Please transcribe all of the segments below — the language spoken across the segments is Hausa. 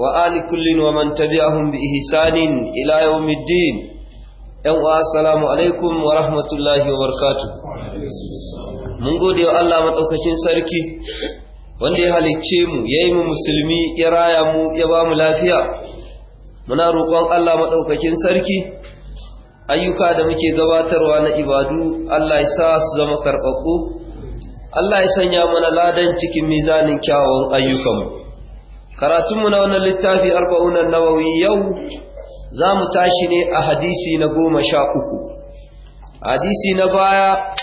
وآل كل ومن تبعهم بإحسان إلى يوم الدين ‘yan uwa assalamu alaikum wa rahmatullahi wa barkatu. mun gode wa Allah maɗaukakin sarki wanda ya halicce mu ya yi mu musulmi ya raya mu ya ba mu lafiya muna roƙon Allah maɗaukakin sarki ayyuka da muke gabatarwa na ibadu Allah ya sa su zama karɓaƙo Allah ya sanya mana ladan cikin mizanin kyawawan ayyukanmu karatunmu na wannan littafi arba'unan nawawi yau za mu tashi ne a hadisi na goma sha uku hadisi na baya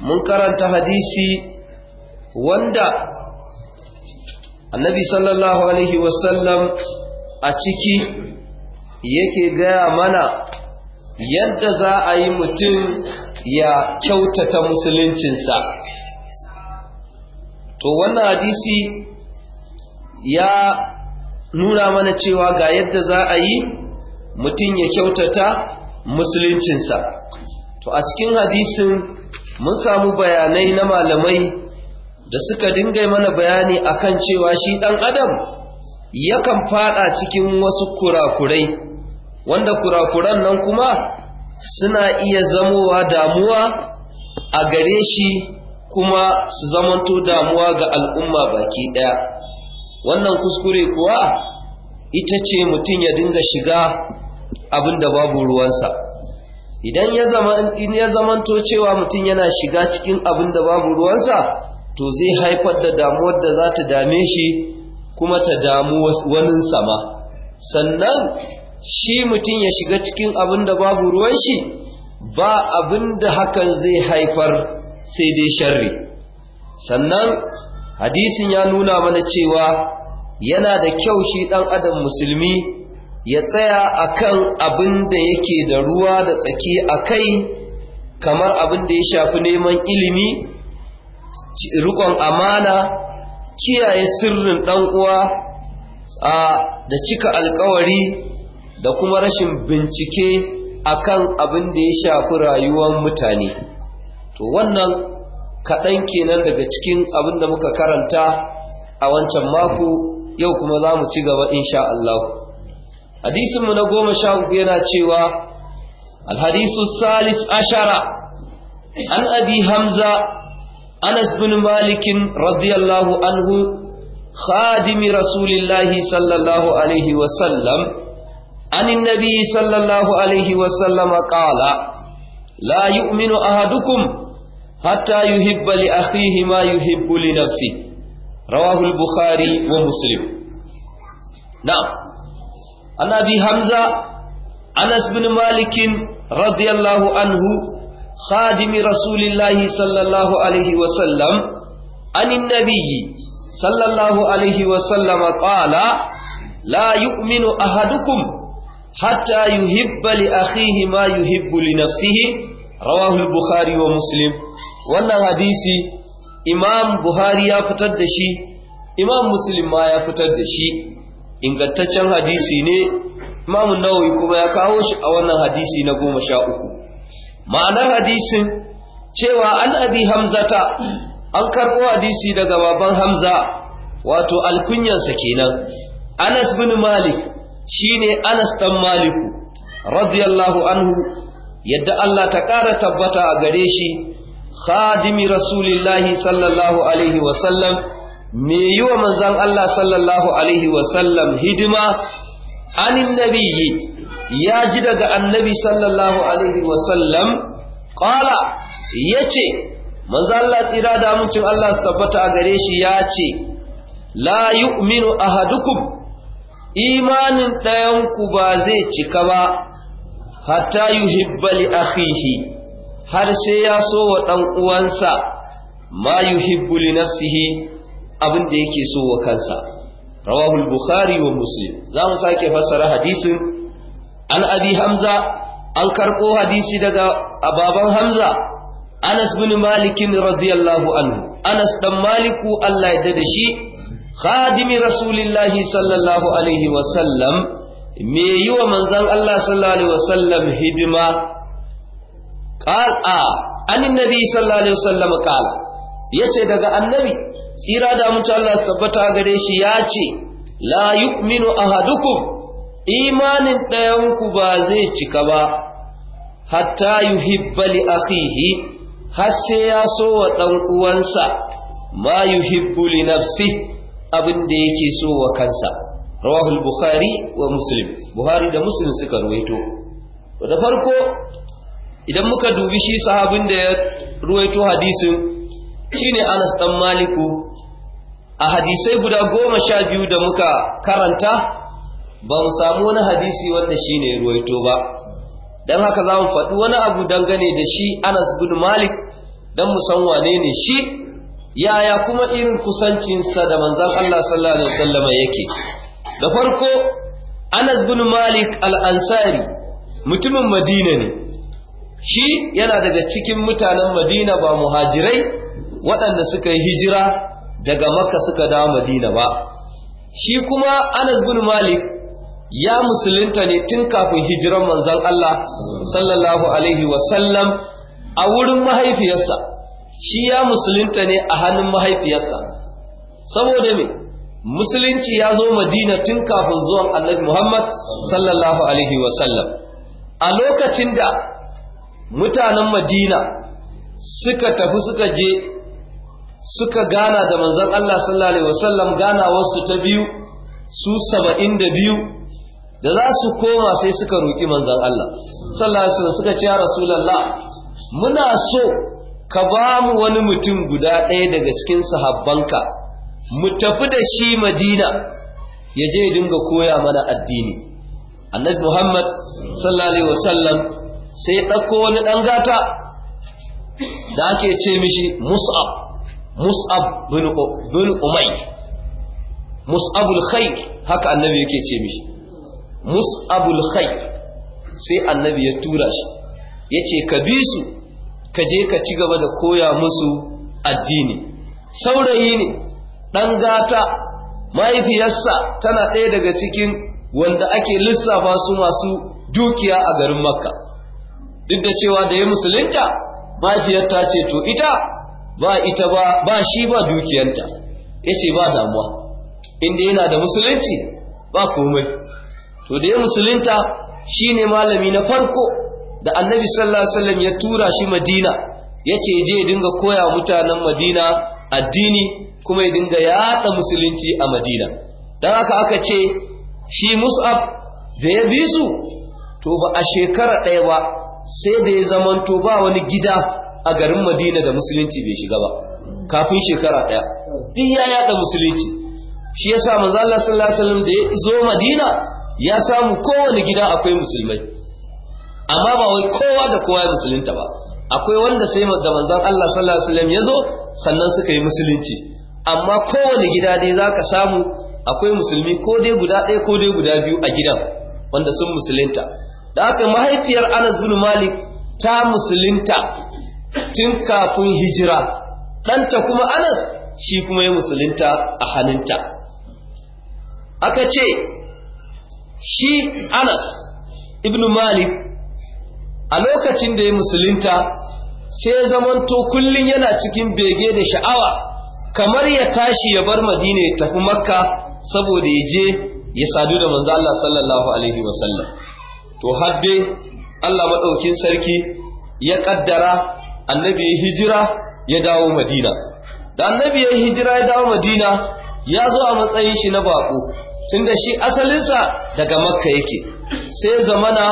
mun karanta hadisi wanda annabi sallallahu alaihi wasallam a ciki yake gaya mana yadda za a yi mutum ya kyautata musuluncinsa to wannan hadisi ya nuna mana cewa ga yadda za a yi mutum ya kyautata musuluncinsa to a cikin hadisin mun samu bayanai na malamai da suka dinga mana bayani akan cewa shi ɗan adam yakan faɗa cikin wasu kurakurai wanda kurakuran nan kuma suna iya zamowa damuwa a gare shi kuma su zamanto damuwa ga al'umma baki ɗaya wannan kuskure kuwa ita ce mutum ya dinga shiga abin da babu ruwansa idan ya zamanto cewa mutum yana shiga cikin abin da babu ruwansa to zai haifar da damuwar da za ta dame shi kuma ta damu wani sama sannan shi mutum ya shiga cikin abin da babu ruwan shi ba abin da hakan zai haifar sai dai sharri sannan hadisin ya nuna mana cewa yana da kyau shi ɗan adam musulmi ya tsaya akan abin da yake da ruwa da tsaki a kai kamar abin da ya shafi neman ilimi rikon amana kiyaye sirrin ɗan uwa da cika alkawari da kuma rashin bincike akan abin da ya shafi rayuwar mutane to wannan kaɗan kenan daga cikin abin da muka karanta a wancan mako yau kuma za mu ci gaba insha Allah hadisinmu na goma sha uku yana cewa alhadisu salis ashara an abi hamza anas bin malikin radiyallahu anhu khadimi rasulillahi sallallahu alaihi wasallam عن النبي صلى الله عليه وسلم قال لا يؤمن أحدكم حتى يحب لأخيه ما يحب لنفسه رواه البخاري ومسلم نعم عن أبي حمزة أنس بن مالك رضي الله عنه خادم رسول الله صلى الله عليه وسلم عن النبي صلى الله عليه وسلم قال لا يؤمن أحدكم حتى يحب لأخيه ما يحب لنفسه رواه البخاري ومسلم wannan hadisi imam buhari ya fitar da shi imam muslim ma ya fitar da shi ingantaccen hadisi ne imam nawawi kuma ya kawo shi a wannan hadisi na goma sha uku ma'anar hadisin cewa an abi hamzata an karɓo hadisi daga baban hamza wato alkunyarsa kenan anas bin malik shine anas dan maliku radiyallahu anhu yadda Allah ta ƙara tabbata a gare shi khadimi rasulillahi sallallahu alaihi wasallam me yi wa manzan Allah sallallahu alaihi wa sallam hidima anin nabiyyi ya ji daga annabi sallallahu alaihi wa wasallam qala yace manzan Allah tsira da amincin Allah su tabbata a gare shi ya ce la yu'minu ahadukum imanin ɗayanku ba zai cika ba hatta yuhibba li akhihi har sai ya so wa ɗan uwansa ma yuhibbu li nafsihi abin da yake so wa kansa rawahu al-bukhari wa muslim za mu sake fassara hadisin an abi hamza an karɓo hadisi daga ababan hamza anas bin malikin radiyallahu anhu anas dan maliku Allah ya da shi khadimi rasulillahi sallallahu alaihi wa sallam. me yi wa manzan Allah sallallahu alaihi sallam hidima Kal a anin nabi sallallahu alaihi wasallam qala yace daga annabi tsira da mutu Allah tabbata gare shi ya ce la yu'minu ahadukum imanin ɗayanku ba zai cika ba hatta yuhibba li akhihi har sai ya so wa ɗan uwansa ma yuhibbu li nafsi abin da yake so wa kansa rawahul bukhari wa muslim buhari da muslim suka ruwaito da farko idan muka dubi shi sahabin da ya ruwaito hadisin shine Anas dan Maliku a hadisai guda goma sha biyu da muka karanta ba mu samu wani hadisi wanda shine ya ruwaito ba dan haka za mu faɗi wani abu dangane da shi Anas bin Malik dan mu san wane ne shi yaya kuma irin kusancinsa da manzon Allah sallallahu alaihi wasallam yake da farko Anas bin Malik al-Ansari mutumin Madina ne shi yana daga cikin mutanen madina ba muhajirai waɗanda suka yi hijira daga makka suka dawo madina ba shi kuma anas bin malik ya musulunta ne tun kafin hijiran manzan Allah sallallahu alaihi wasallam a wurin mahaifiyarsa shi ya musulunta ne a hannun mahaifiyarsa saboda me musulunci ya zo madina tun kafin zuwan annabi muhammad sallallahu alaihi wasallam a lokacin da mutanen madina suka tafi suka je suka gana da manzon Allah sallallahu alaihi wasallam gana wasu ta biyu su 72 da za su koma sai suka roki manzon Allah sallallahu alaihi wasallam suka ce ya rasulullah muna so ka ba mu wani mutum guda ɗaya daga cikin sahabbanka mu tafi da shi madina ya je dinga koya mana addini annabi muhammad sallallahu alaihi wasallam sai ɗauko wani ɗan gata da ake ce mishi mus'ab mus'ab bin umai mus'abul khair haka annabi yake ce mishi mus'abul khair sai annabi ya tura shi ya ce ka bi su ka je ka ci gaba da koya musu addini saurayi ne ɗan gata mahaifiyarsa tana ɗaya daga cikin wanda ake lissafa su masu dukiya a garin makka duk da cewa da ya musulunta mahaifiyarta ce to ita ba ita ba ba shi ba dukiyanta yace ba damuwa inda yana da musulunci ba komai to da ya musulunta shine malami na farko da annabi sallallahu alaihi wasallam ya tura shi madina yace je dinga koya mutanen madina addini kuma ya dinga yada musulunci a madina dan haka aka ce shi mus'ab da ya bi su to ba a shekara ɗaya ba sai da ya zamanto ba wani gida a garin madina da musulunci bai shiga ba kafin shekara ɗaya duk ya yada musulunci shi ya sa manzo Allah sallallahu alaihi wasallam da ya zo madina ya samu kowane gida akwai musulmai amma ba wai kowa da kowa ya musulunta ba akwai wanda sai da manzan Allah sallallahu alaihi wasallam ya zo sannan suka yi musulunci amma kowane gida dai zaka samu akwai musulmi ko dai guda ɗaya ko dai guda biyu a gidan wanda sun musulunta da aka mahaifiyar Anas bin Malik ta musulunta tun kafin hijira ɗanta kuma Anas shi kuma ya musulunta a hannunta aka ce shi Anas ibn Malik a lokacin da ya musulunta sai zamanto kullum yana cikin bege da sha'awa kamar ya tashi ya bar madina ya tafi makka saboda ya je ya sadu da manzo Allah sallallahu alaihi wasallam to hadde Allah maɗaukin sarki ya ƙaddara annabi hijira ya dawo madina da annabi ya hijira ya dawo madina ya zo a matsayin shi na baƙo tunda shi asalinsa daga makka yake sai zamana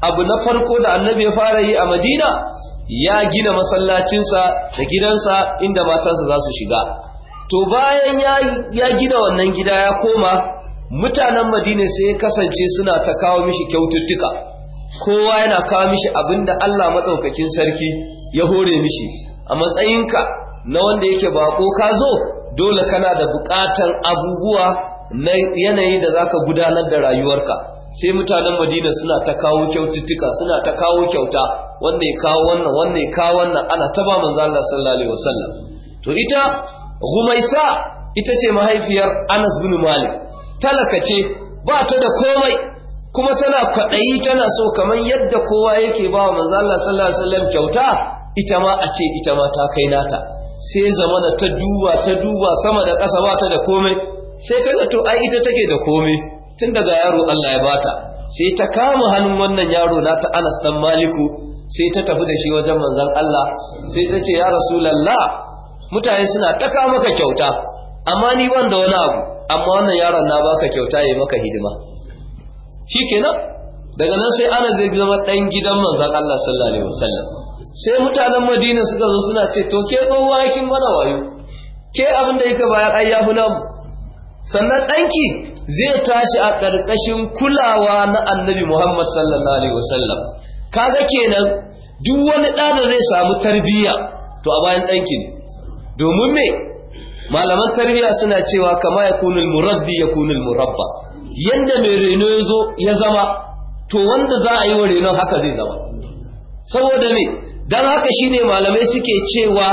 abu na farko da annabi ya fara yi a madina ya gina masallacinsa da gidansa inda matansa za su shiga to bayan ya gina wannan gida ya koma mutanen madina sai ya kasance suna ta kawo mishi kyaututtuka kowa yana kawo mishi abin da Allah matsaukakin sarki ya hore mishi a matsayinka na wanda yake bako ka zo dole kana da buƙatar abubuwa na yanayi da za ka gudanar da rayuwarka sai mutanen madina suna ta kawo kyaututtuka suna ta kawo kyauta wanda ya kawo wannan wanda ya kawo wannan ana ta ba manzo Allah sallallahu alaihi to ita Gumaisa ita ce mahaifiyar Anas bin Malik talaka ce ba ta da komai kuma tana kwaɗayi tana so kamar yadda kowa yake ba wa manzo Allah sallallahu alaihi wasallam kyauta ita ma a ce ita ma ta kai nata sai zamana ta duba ta duba sama da ƙasa ba ta da komai sai ta ga to ai ita take da komai tun daga yaro Allah ya bata sai ta kama hannun wannan yaro nata Anas dan Maliku sai ta tafi da shi wajen manzon Allah sai ta ce ya Rasulullah mutane suna taka maka kyauta amma ni ban da wani abu amma wannan yaron na baka kyauta ya maka hidima shi shikenan daga nan sai ana zai zama dan gidan manzon Allah sallallahu alaihi wasallam sai mutanen Madina suka zo suna ce to ke tsohuwa kin mana wayo ke abin da yake bayar ai yafi namu sannan danki zai tashi a ƙarƙashin kulawa na Annabi Muhammad sallallahu alaihi wasallam kaga kenan duk wani ɗan da zai samu tarbiyya to a bayan danki ne domin me malaman tarbiyya suna cewa kama ya kunul murabbi ya kunul murabba yanda mai reno ya zo ya zama to wanda za a yi wa renon haka zai zama saboda me dan haka shine malamai suke cewa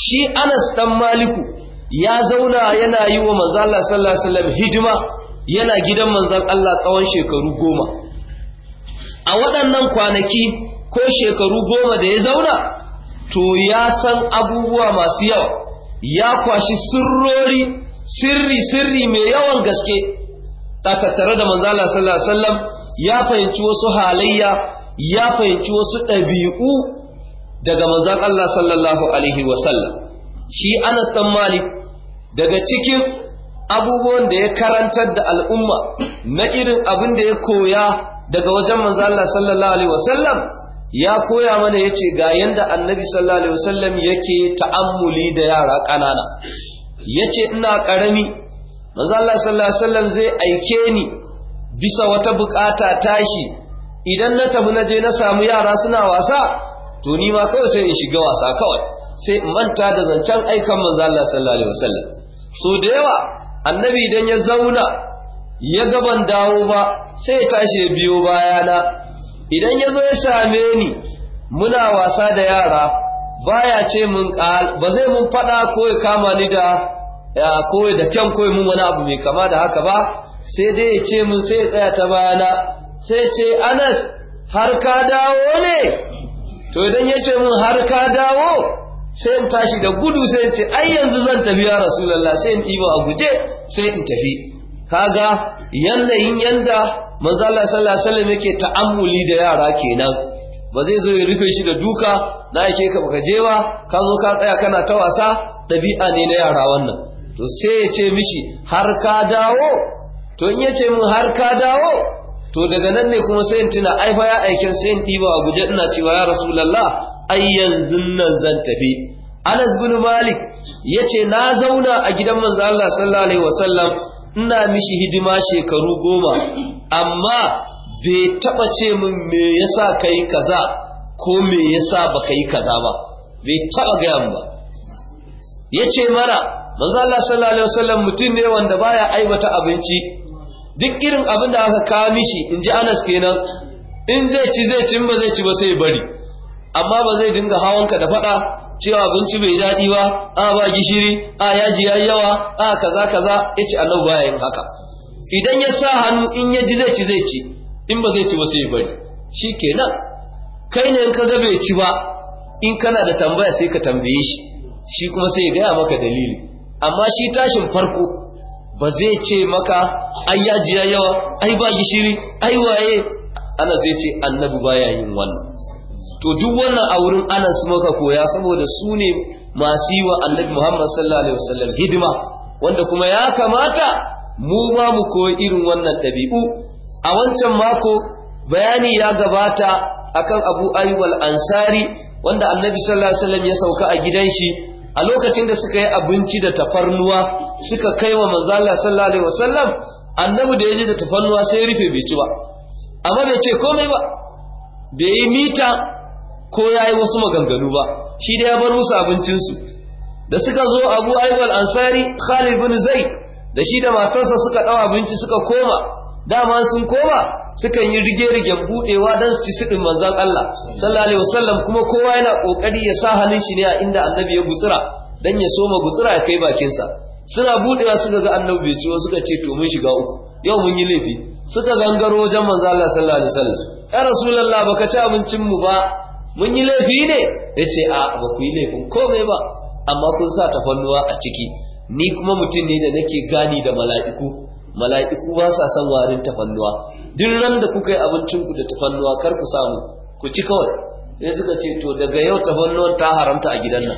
shi Anas dan Maliku ya zauna yana yi wa manzon Allah sallallahu hidima yana gidan manzon Allah tsawon shekaru goma a waɗannan kwanaki ko shekaru goma da ya zauna to ya san abubuwa masu yawa ya kwashi sirrori sirri sirri mai yawan gaske takattare da manzala sallallahu alaihi wasallam ya fahimci wasu halayya ya fahimci wasu ɗabi'u daga manzan Allah sallallahu alaihi wasallam shi Anas dan Malik daga cikin abubuwan da ya karantar da al'umma na irin abin da ya koya daga wajen manzan Allah sallallahu alaihi wasallam ya koya mana ya ce, ga yadda annabi sallallahu alaihi wasallam yake ta'ammuli da yara kanana ce ina ƙarami, maza Allah sallallahu alaihi wasallam zai aike ni bisa wata bukata tashi idan na tafi na je na samu yara suna wasa to ni ma kawai sai in shiga wasa kawai sai in manta da zancen aikan manzo Allah sallallahu alaihi wasallam so da yawa annabi idan ya zauna ya gaban dawo ba sai ya tashi ya biyo bayana idan ya zo ya same ni muna wasa da yara baya ce mun ba zai mun faɗa ko ya kama ni da ya da kyan koyi mun wani abu mai kama da haka ba sai dai ya ce mun sai ya tsaya ta bayana sai ce anas har ka dawo ne to idan ya ce mun har ka dawo sai in tashi da gudu sai in ce ai yanzu zan tafi ya rasulallah sai in ɗiba a guje sai in tafi kaga yanayin yanda manzo Allah sallallahu alaihi wasallam yake ta'ammuli da yara kenan ba zai zo ya rufe shi da duka na yake ka baka jewa ka zo ka tsaya kana ta wasa dabi'a ne na yara wannan to sai ya ce mishi har ka dawo to in ya ce min har ka dawo to daga nan ne kuma sai in tuna ai fa ya aikin sai in diba a guje ina cewa ya rasulullah ai yanzu nan zan tafi Anas bin Malik yace na zauna a gidan manzo Allah sallallahu alaihi wasallam ina mishi hidima shekaru goma amma bai taba ce min me yasa kayi kaza ko me yasa ba yi kaza ba bai taɓa gaya ba yace mara mana manzo Allah sallallahu alaihi wasallam mutum ne wanda baya aibata abinci duk irin abin da aka kawo mishi in ji Anas kenan in zai ci zai ci ba zai ci ba sai bari amma ba zai dinga hawan ka da faɗa cewa abinci bai daɗi ba a ba gishiri a yaji yayi yawa a kaza kaza yace Allah baya yin haka idan ya sa hannu in ya ji zai ci zai ci in ba zai ci ba sai bari shi kenan kai ne in ka ga bai ci ba in kana da tambaya sai ka tambaye shi shi kuma sai ya gaya maka dalili amma shi tashin farko ba zai ce maka ai ya ji yawa ai ba gishiri ai waye ana zai ce annabi baya yin wannan to duk wannan a wurin su maka koya saboda su ne masu yi wa annabi muhammad sallallahu alaihi wasallam hidima wanda kuma ya kamata mu ma mu koyi irin wannan ɗabi'u a wancan mako bayani ya gabata akan Abu Ayyub al-Ansari wanda Annabi sallallahu alaihi wasallam ya sauka a gidan shi a lokacin da suka yi abinci da tafarnuwa suka kai wa manzo Allah sallallahu alaihi wasallam annabi da yaji da tafarnuwa sai rufe bai ci ba amma bai ce komai ba bai yi mita ko yayi wasu maganganu ba shi da ya bar musu abincin da suka zo Abu Ayyub al-Ansari Khalid bin Zaid da shi da matarsa suka ɗau abinci suka koma dama sun koma sukan yi rige-rige budewa don su ci siɗin manzan Allah sallallahu alaihi wasallam kuma kowa yana kokari ya sa hannun shi ne a inda annabi ya gutsira dan ya soma gutsira ya kai bakinsa suna buɗewa suka ga annabi bai ciwo suka ce to mun shiga uku yau mun yi laifi suka gangaro wajen manzan Allah sallallahu alaihi wasallam ya rasulullah baka ci abincin mu ba mun yi laifi ne yace a ba ku yi laifin komai ba amma kun sa tafannuwa a ciki ni kuma mutum ne da nake gani da mala'iku mala'iku ba sa son warin tafannuwa duk ran da kuka yi abincin da tafannuwa kar ku samu ku ci kawai sai suka ce to daga yau tafannuwar ta haramta a gidan nan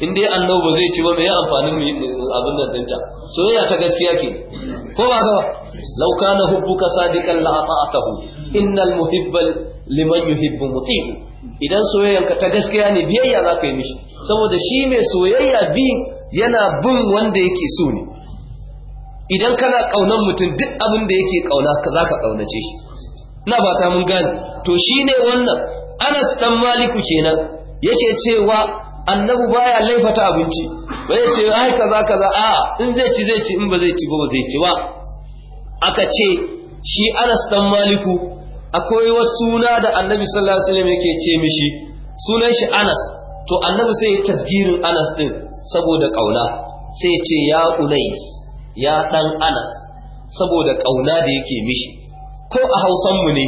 in dai annabi ba zai ci ba me ya amfanin abin nan dinta soyayya ta gaskiya ke ko ba ga law kana hubbuka sadiqan la ata'atahu innal muhibbal liman yuhibbu muti idan ka ta gaskiya ne biyayya za ka yi mishi saboda shi mai soyayya bi yana bin wanda yake so ne idan kana kaunar mutum duk abin da yake kauna za ka kaunace shi na ba ta mun gane to shi ne wannan Anas dan Maliku kenan yake cewa annabi baya laifata abinci bai ce ai kaza kaza a in zai ci zai ci in ba zai ci ba zai ci ba aka ce shi Anas dan Maliku akwai wasu suna da annabi sallallahu alaihi wasallam yake ce mishi sunan shi Anas to annabi sai ya tasgirin Anas din saboda kauna sai ya ce ya unai ya dan Anas saboda kauna da yake mishi ko a Hausan mu ne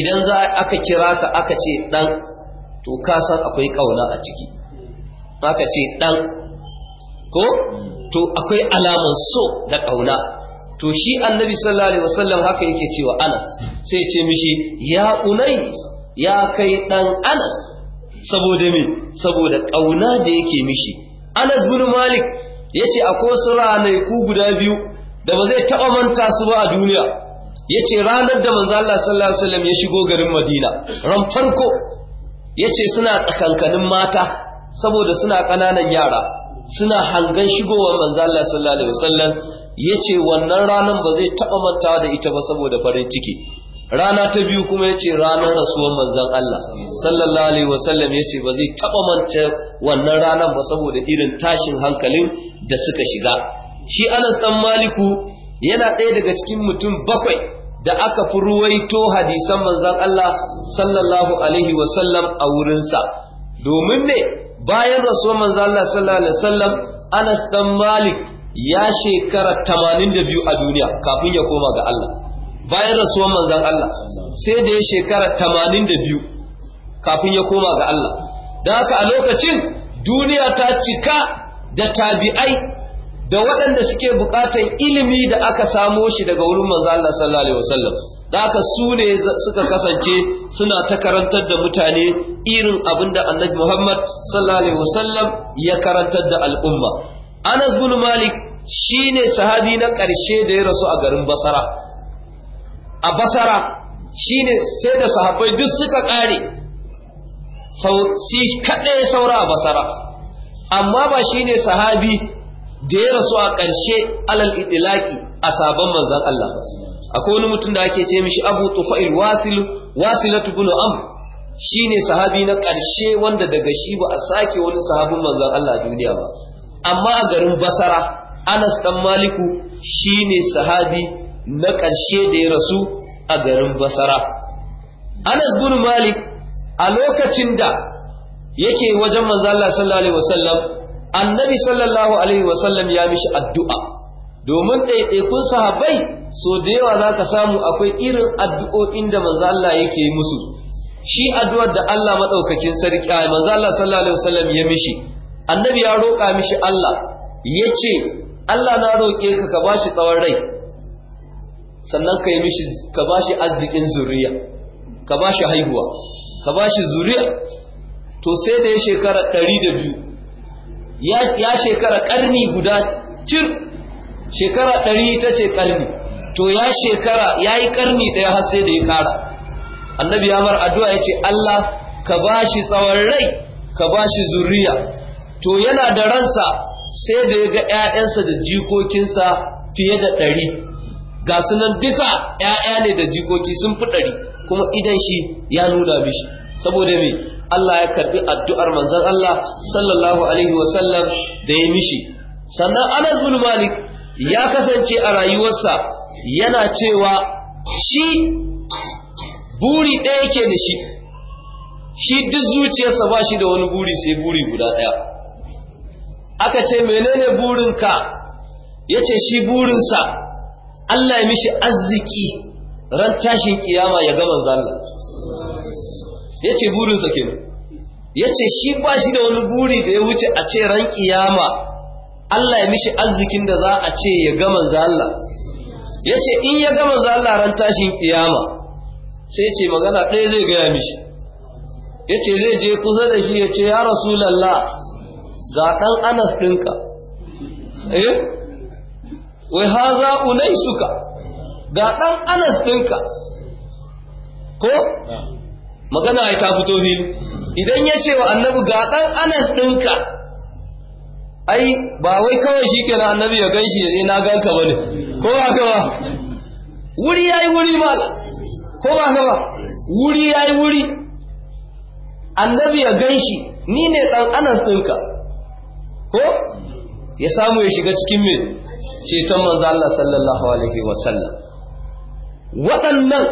idan za aka kira ka aka ce dan to ka san akwai kauna a ciki aka ce dan ko to akwai alaman so da kauna to shi annabi sallallahu alaihi wasallam haka yake cewa Anas sai ce mishi ya unai ya kai dan anas saboda mi saboda kauna da yake mishi anas bin malik yace akwai wasu ku guda biyu da ba zai taba manta su ba a duniya yace ranar da manzo Allah sallallahu alaihi wasallam ya shigo garin Madina ran farko yace suna tsakankanin mata saboda suna ƙananan yara suna hangan shigowar manzo Allah sallallahu alaihi wasallam yace wannan ranar ba zai taba manta da ita ba saboda farin ciki rana ta biyu kuma ya ce ranar rasuwar manzan Allah sallallahu alaihi wasallam ya ce ba zai taɓa manta wannan ranar ba saboda irin tashin hankalin da suka shiga shi anas dan maliku yana ɗaya daga cikin mutum bakwai da aka fi ruwaito hadisan manzan Allah sallallahu alaihi wasallam a wurinsa domin me bayan rasuwar manzan Allah sallallahu alaihi wasallam anas dan malik ya shekara 82 a duniya kafin ya koma ga Allah bayan rasuwan manzan Allah sai da ya shekara tamanin da biyu kafin ya koma ga Allah Da haka a lokacin duniya ta cika da tabi'ai da waɗanda suke buƙatar ilimi da aka samo shi daga wurin manzan Allah sallallahu alaihi wasallam da haka su ne suka kasance suna ta karantar da mutane irin abin da annabi Muhammad sallallahu alaihi wasallam ya karantar da al'umma Anas bin Malik shine sahabi na ƙarshe da ya rasu a garin Basara. a basara shine sai da sahabbai duk suka kare shi kaɗai saura a basara amma ba shine sahabi da ya rasu a ƙarshe alal itilaki a sabon manzan Allah akwai wani mutum da ake ce mishi abu tufa'il wasil wasilatu bin shi ne sahabi na ƙarshe wanda daga shi ba a sake wani sahabin manzan Allah duniya ba amma a garin basara anas ɗan maliku shi ne sahabi na ƙarshe da ya rasu a garin basara anas bin malik a lokacin da yake wajen manzo Allah sallallahu alaihi wasallam annabi sallallahu alaihi wasallam ya mishi addu'a domin ɗaiɗaikun sahabai, so da yawa za ka samu akwai irin addu'o'in da manzo Allah yake musu shi addu'ar da Allah maɗaukakin sarki a Allah sallallahu alaihi wasallam ya mishi annabi ya roƙa mishi Allah ya ce Allah na roƙe ka ka bashi tsawon rai sannan ka yi mishi ka ba shi arzikin zuriya ka ba shi haihuwa ka ba shi zuriya to sai da ya shekara ɗari da biyu ya shekara ƙarni guda cir shekara ɗari ta ce ƙarni to ya shekara ya yi ƙarni ɗaya har sai da ya ƙara annabi ya mar addu'a ya ce Allah ka ba shi tsawon rai ka ba shi zuriya to yana da ransa sai da ya ga ‘ya'yansa da jikokinsa fiye da ɗari ga sunan duka ‘ya'ya ne da jikoki sun fi ɗari kuma idan shi ya nuna mishi saboda me Allah ya karbi addu'ar manzan Allah sallallahu alaihi wasallam da ya mishi sannan Anas bin Malik ya kasance a rayuwarsa yana cewa shi buri ɗaya yake da shi shi duk zuciyarsa ba shi da wani buri sai buri guda ɗaya aka ce menene burinka ya ce shi burinsa Allah ya mishi arziki ran tashin kiyama ya ga manzo Allah yace burinsa kenan yace shi ba shi da wani buri da ya wuce a ce ran kiyama Allah ya mishi arzikin da za a ce ya ga manzo Allah yace in ya ga manzo Allah ran tashin kiyama sai yace magana ɗaya zai ga mishi yace zai je kusa da shi yace ya rasulullah ga dan Anas dinka eh wai haza unai suka ga ɗan anas ɗinka ko magana ya ta fito fili idan ya ce wa annabi ga ɗan anas ɗinka ai ba wai kawai shi kenan annabi ya gan shi ne na ganka ba ne ko ba ka ba wuri ya yi wuri ba ko ba ka ba wuri ya yi wuri annabi ya gan shi ni ne ɗan anas ɗinka ko ya samu ya shiga cikin mai ceton manzo Allah sallallahu alaihi wa sallam waɗannan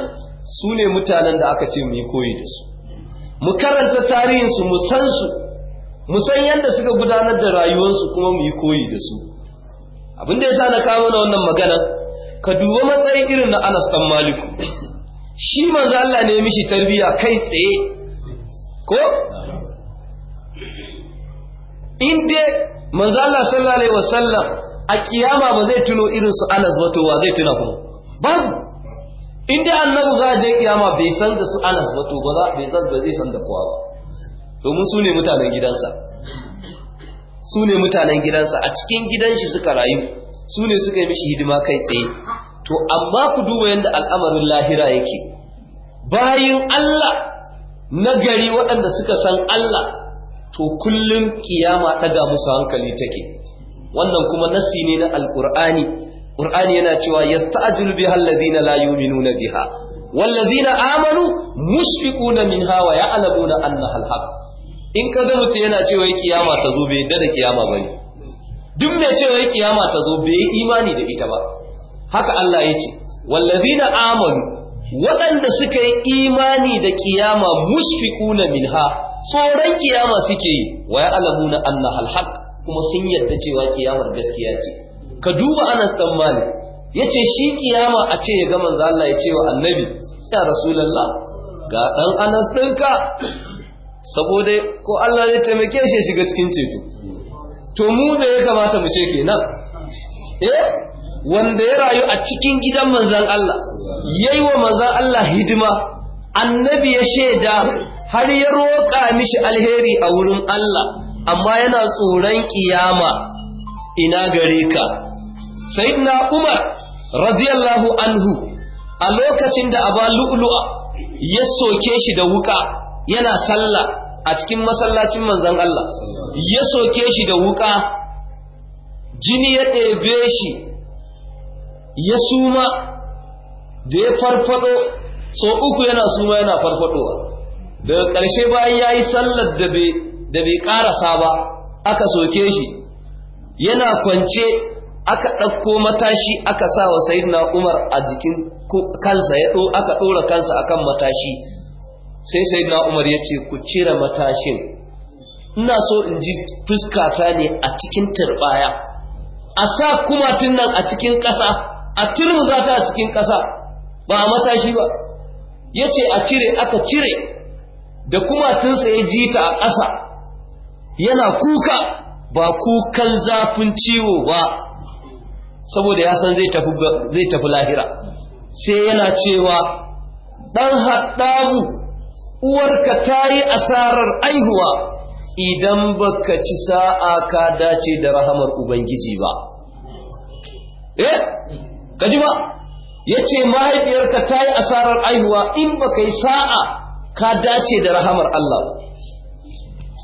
su ne mutanen da aka ce mu yi koyi da su mu karanta tarihinsu mu san su mu san yadda suka gudanar da rayuwarsu kuma mu yi koyi da su abin da ya sa na kawo na wannan magana ka duba matsayin irin na Anas dan Maliku shi manzo Allah ne mishi tarbiya kai tsaye ko in dai manzo Allah sallallahu alaihi sallam a kiyama ba zai tuno irin su Anas ba to wa zai tuna kuma babu inda annabi za a je kiyama bai san da su Anas ba to ba bai san ba zai san da kowa ba domin su ne mutanen gidansa su ne mutanen gidansa a cikin gidan shi suka rayu su ne suka yi mishi hidima kai tsaye to amma ku duba yadda al'amarin lahira yake bayin Allah na gari waɗanda suka san Allah to kullum kiyama ɗaga musu hankali take wannan kuma nassi ne na Alƙur'ani. Ƙur'ani yana cewa ya yasta'jilu biha allazina la yu'minuna biha wallazina amanu min mushfiquna minha wa ya'lamuna annaha alhaq in ka ga mutum yana cewa kiyama ta zo bai dada kiyama bane duk mai cewa kiyama ta zo bai imani da ita ba haka Allah ya ce wallazina amanu waɗanda suka yi imani da kiyama min ha, tsoron kiyama suke yi wa ya'lamuna annaha alhaq kuma sun yarda cewa kiyamar gaskiya ce ka duba Anas dan Malik yace shi kiyama a ce ya ga manzo Allah ya ce wa annabi ya rasulullah ga dan Anas ɗinka saboda ko Allah zai taimake shi shiga cikin ceto to mu da ya kamata mu ce kenan eh wanda ya rayu a cikin gidan manzan Allah yayi wa manzan Allah hidima annabi ya shaida har ya roƙa mishi alheri a wurin Allah amma yana tsoron ƙiyama, ina gare ka sayyidina umar radiyallahu anhu a lokacin da aba lu'lu'a ya soke shi da wuka yana sallah a cikin masallacin manzon Allah ya soke shi da wuƙa, jini ya ɗebe shi ya suma da ya farfado so uku yana suma yana farfadowa daga ƙarshe bayan ya yi sallar da bai da bai karasa ba aka soke shi yana kwance aka ɗauko matashi aka sa wa sayyidina Umar a jikin kansa ya ɗo aka ɗora kansa akan matashi sai sayyidina Umar ya ce ku cire matashin ina so in ji fuskata ne a cikin turbaya a sa kumatun nan a cikin ƙasa a turmuza ta a cikin ƙasa ba a matashi ba ya ce a cire aka cire da kumatunsa ya ji ta a ƙasa yana kuka ba kukan zafin ciwo ba saboda ya san zai tafi zai lahira sai yana cewa dan uwar uwarka tayi asarar aihuwa idan baka ci sa'a ka dace da rahamar ubangiji ba eh kaji ba yace mahaifiyarka tayi asarar aihuwa in baka yi sa'a ka dace da rahamar Allah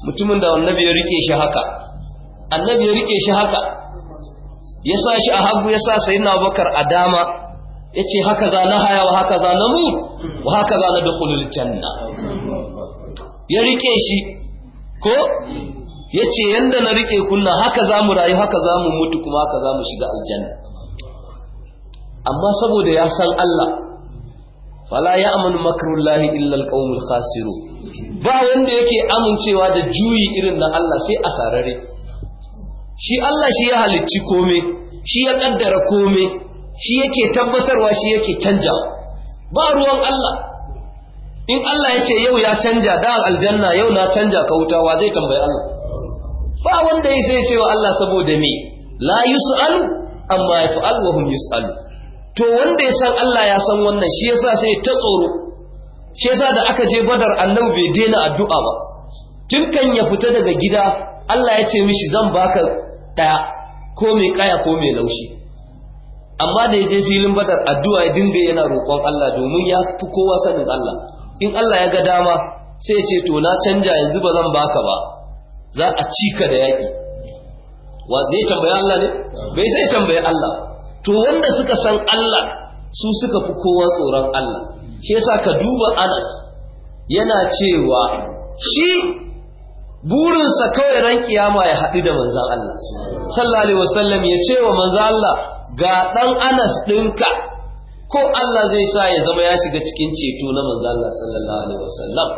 mutumin da annabi ya rike shi haka annabi ya rike shi haka ya sa shi a hagu ya sa sayyidina Abubakar a dama yace haka za na haya wa haka za na mu wa haka za na dukhulul janna ya rike shi ko yace yanda na rike kunna haka za mu rayu haka za mu mutu kuma haka za mu shiga aljanna amma saboda ya san Allah fala amanu makarullahi illa alqaumul khasiru ba wanda yake amincewa da juyi irin na Allah sai a sarare shi Allah shi ya halicci kome shi ya kaddara kome shi yake tabbatarwa shi yake canja ba ruwan Allah in Allah ya ce yau ya canja da aljanna yau na canja ka wuta wa zai tambayi Allah ba wanda ya sai cewa Allah saboda me la yus'alu amma yaf'al wa hum yus'alu to wanda ya san Allah ya san wannan shi yasa sai ta tsoro shi yasa da aka je badar annabi bai daina addu'a ba tun kan ya fita daga gida Allah ya ce mishi zan baka ɗaya ko mai kaya ko mai laushi amma da ya je filin badar addu'a ya dinga yana roƙon Allah domin ya fi kowa sanin Allah in Allah ya ga dama sai ya ce to na canja yanzu ba zan baka ba za a cika da yaƙi wa zai tambayi Allah ne bai sai tambayi Allah to wanda suka san Allah su suka fi kowa tsoron Allah shi yasa ka duba anas yana cewa shi burinsa kawai ran kiyama ya haɗu da manzan Allah sallallahu alaihi wasallam ya ce wa manzan Allah ga ɗan anas ɗinka ko Allah zai sa ya zama ya shiga cikin ceto na manzan Allah sallallahu alaihi wasallam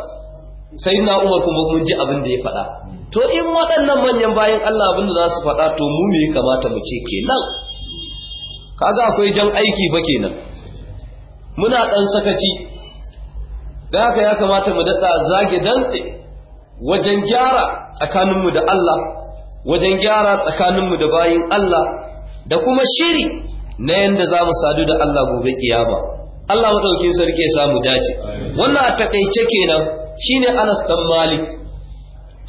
sai na umar kuma mun ji abin da ya faɗa to in waɗannan manyan bayan Allah abin da za su faɗa to mu me kamata mu ce kenan kaga akwai jan aiki ba kenan muna ɗan sakaci da haka ya kamata mu daɗa zage dantse wajen gyara tsakaninmu da Allah wajen gyara tsakaninmu da bayin Allah da kuma shiri na yadda za mu sadu da Allah gobe kiyama Allah maɗaukin sarki ya samu dace wannan a takaice kenan shine Anas dan Malik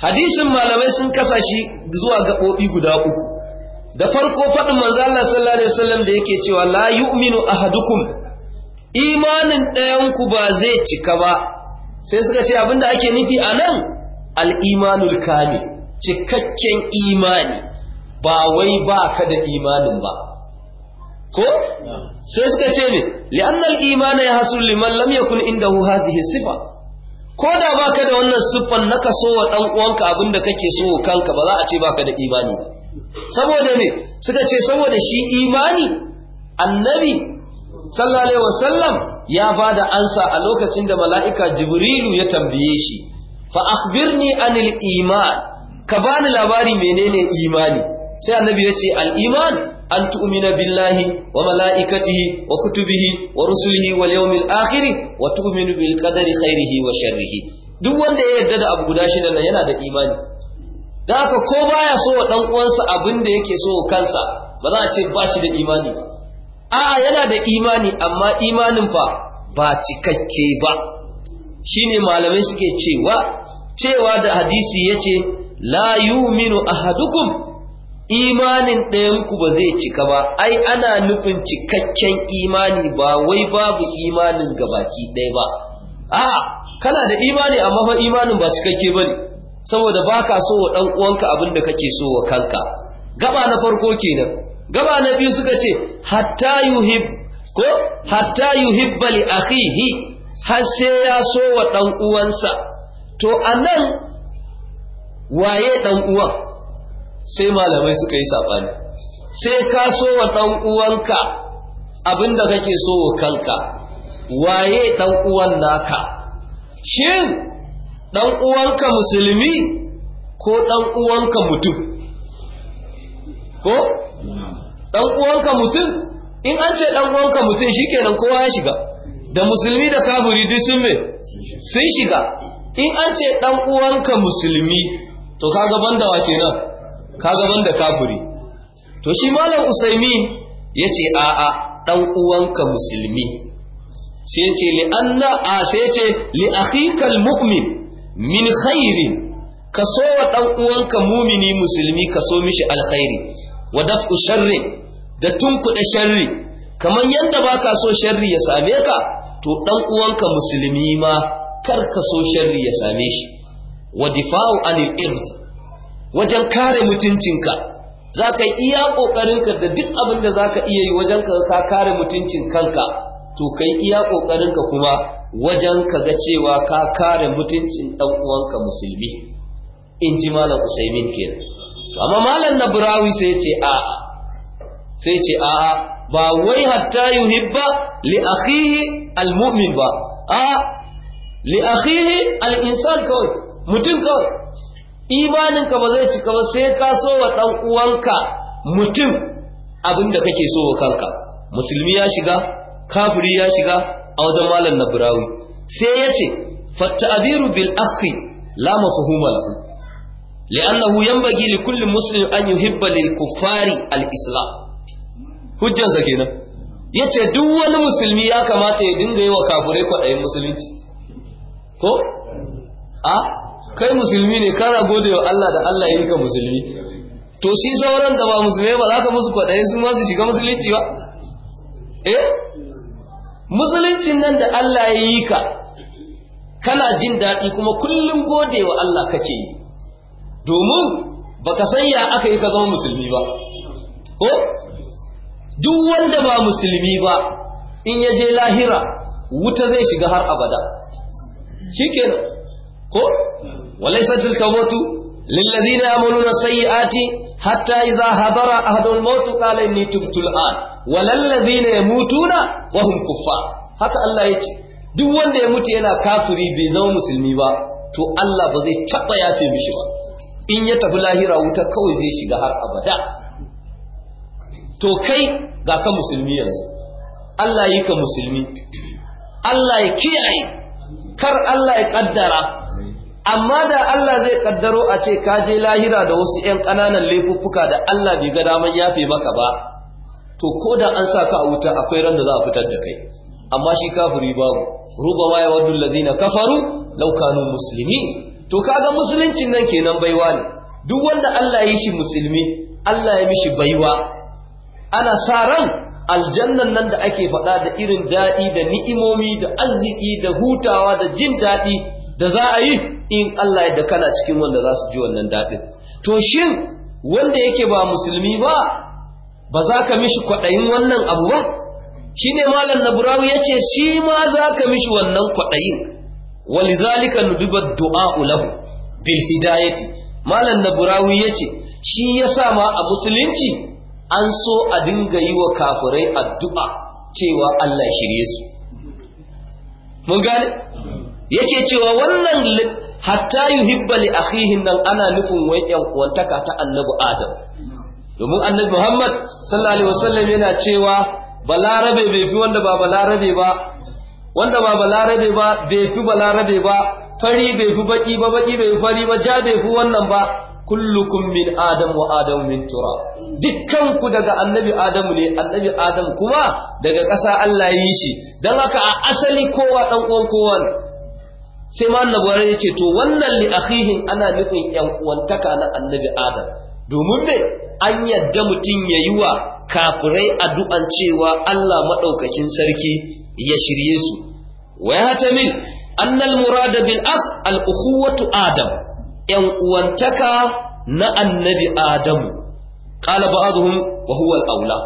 hadisin malamai sun kasa shi zuwa gaɓoɓi guda uku da farko faɗin manzo Allah sallallahu alaihi wasallam da yake cewa la yu'minu ahadukum imanin ɗayanku ba zai cika ba sai suka ce abinda ake nufi a nan al'imanul kame cikakken imani ba wai ba ka da imanin ba ko sai suka ce ne li'annal imana ya hasu liman lam inda hu hazihi sifa ko da baka da wannan siffan na ka so wa ɗan'uwanka uwanka abinda kake so kanka ba za a ce baka da imani ba saboda ne suka ce saboda shi imani annabi sallallahu alaihi wasallam ya bada ansa a lokacin da mala'ika jibrilu ya tambaye shi fa akhbirni anil iman ka bani labari menene imani sai annabi ya ce al iman an tu'mina billahi wa mala'ikatihi wa kutubihi wa rusulihi wal yawmil akhir wa tu'minu bil qadari khairihi wa sharrihi duk wanda ya yarda da abu guda shida nan yana da imani da haka ko baya so wa dan uwansa abin da yake so kansa ba za a ce ba shi da imani a'a yana da imani amma imanin fa ba cikakke ba shine malamai suke cewa cewa da hadisi ya yace la yu'minu ahadukum imanin ɗayanku ba zai cika ba ai ana nufin cikakken imani ba wai babu imanin gabaki ɗaya ba a'a kana da imani amma fa imanin ba cikakke bane saboda baka so wa ɗan uwanka abin da kake so wa kanka gaba na farko kenan gaba na biyu suka ce hatta yuhib ko hatta yuhibba li akhihi har sai ya so wa dan uwansa to anan waye dan uwan sai malamai suka yi sabani sai ka so wa dan uwanka abinda kake so wa kanka waye dan uwan naka shin dan uwanka musulmi ko dan uwanka mutum ko dan uwanka mutum in an ce dan uwanka mutum shikenan kowa ya shiga da musulmi da kafiri duk sun me sun shiga in an ce dan uwanka musulmi to kaga banda wa ka kaga banda kafiri to shi malam usaimi yace a a dan uwanka musulmi sai yace li anna a sai yace li akhikal mu'min min khairin ka so wa dan uwanka mumini musulmi ka so mishi alkhairi wa daf'u sharri da tunkuɗe sharri kamar yanda baka so sharri ya same ka to dan uwanka musulmi ma kar ka so sharri ya same shi wa difa'u anil ird wajen kare mutuncinka za ka iya ƙoƙarinka da duk abin da zaka iya yi wajen ka kare mutuncin kanka to kai iya ƙoƙarinka kuma wajen ka ga cewa ka kare mutuncin ɗan'uwanka uwanka musulmi in ji malam usaimin kenan to amma malam nabrawi sai ce a sai ce a ba wai hatta yuhibba li akhihi almu'min ba a li akhihi al-insan kawai mutum kawai imaninka ba zai cika ba sai ka so wa dan uwanka mutum abinda kake so wa kanka musulmi ya shiga kafiri ya shiga a wajen malam nabrawi sai yace ce fattabiru bil akhi la mafhuma lahu li'annahu yanbaghi li kulli muslim an yuhibba lil kuffari al hujjansa kenan yace duk wani musulmi ya kamata ya dinga yi wa kafirai kwaɗayin musulunci ko a kai musulmi ne kana gode wa Allah da Allah ya yi ka musulmi to shi sauran da ba musulmai ba za ka musu kwaɗayi su ma su shiga musulunci ba eh musuluncin nan da Allah ya yi ka kana jin daɗi kuma kullum gode wa Allah kake yi domin baka san ya aka yi ka zama musulmi ba ko duk wanda ba musulmi ba in ya je lahira wuta zai shiga har abada nan ko walaysatil tawbatu lilladhina yamaluna ati hatta a hadon motu kalai ni qala inni walallazi na ya mutu na wahun kufa haka Allah ya ce duk wanda ya mutu yana kafiri bai zama musulmi ba to Allah ba zai taba yafe mishi ba in ya tafi lahira wuta kawai zai shiga har abada to kai ga ka musulmi yanzu Allah yi ka musulmi Allah ya kiyaye kar Allah ya kaddara amma da Allah zai kaddaro a ce ka je lahira da wasu ƴan ƙananan laifuffuka da Allah bai ga daman yafe maka ba to ko da an sa ka a wuta akwai randa za a fitar da kai amma shi kafiri babu ruba waya wadul ladina kafaru law kanu muslimin to kaga musuluncin nan kenan baiwa ne duk wanda Allah ya yi shi musulmi Allah ya mishi baiwa ana sa ran aljannan nan da ake faɗa da irin daɗi da ni'imomi da arziki da hutawa da jin daɗi da za a yi in Allah ya da kana cikin wanda za su ji wannan daɗin to shin wanda yake ba musulmi ba ba za ka mishi kwaɗayin wannan abu ba Shi shine malam naburawi ce shi ma za ka mishi wannan kwaɗayin walizalika nuduba du'a lahu bil hidayati malam naburawi yace shi yasa ma a musulunci an so a dinga yi wa kafurai addu'a cewa Allah shirye su mun gane yake cewa wannan hatta yuhibba li akhihin nan ana nufin wai yan uwantaka ta annabi adam domin annabi Muhammad sallallahu alaihi wasallam yana cewa balarabe bai fi wanda ba balarabe ba wanda ba balarabe ba bai fi balarabe ba fari bai fi baki ba baki bai fi fari ba ja bai fi wannan ba kullukum min adam wa adam min tura ku daga annabi adamu ne annabi adam kuma daga ƙasa Allah yi shi dan haka a asali kowa ɗan uwan kowa sai ma annabi ya ce to wannan li akhihi ana nufin yan uwantaka na annabi adam domin me an yadda mutum ya yi wa kafirai addu'an cewa Allah maɗaukacin sarki ya shirye su ويهتمل أن المراد بالأخ الأخوة آدم أن أنتك na annabi Adamu. قال بعضهم وهو Aula.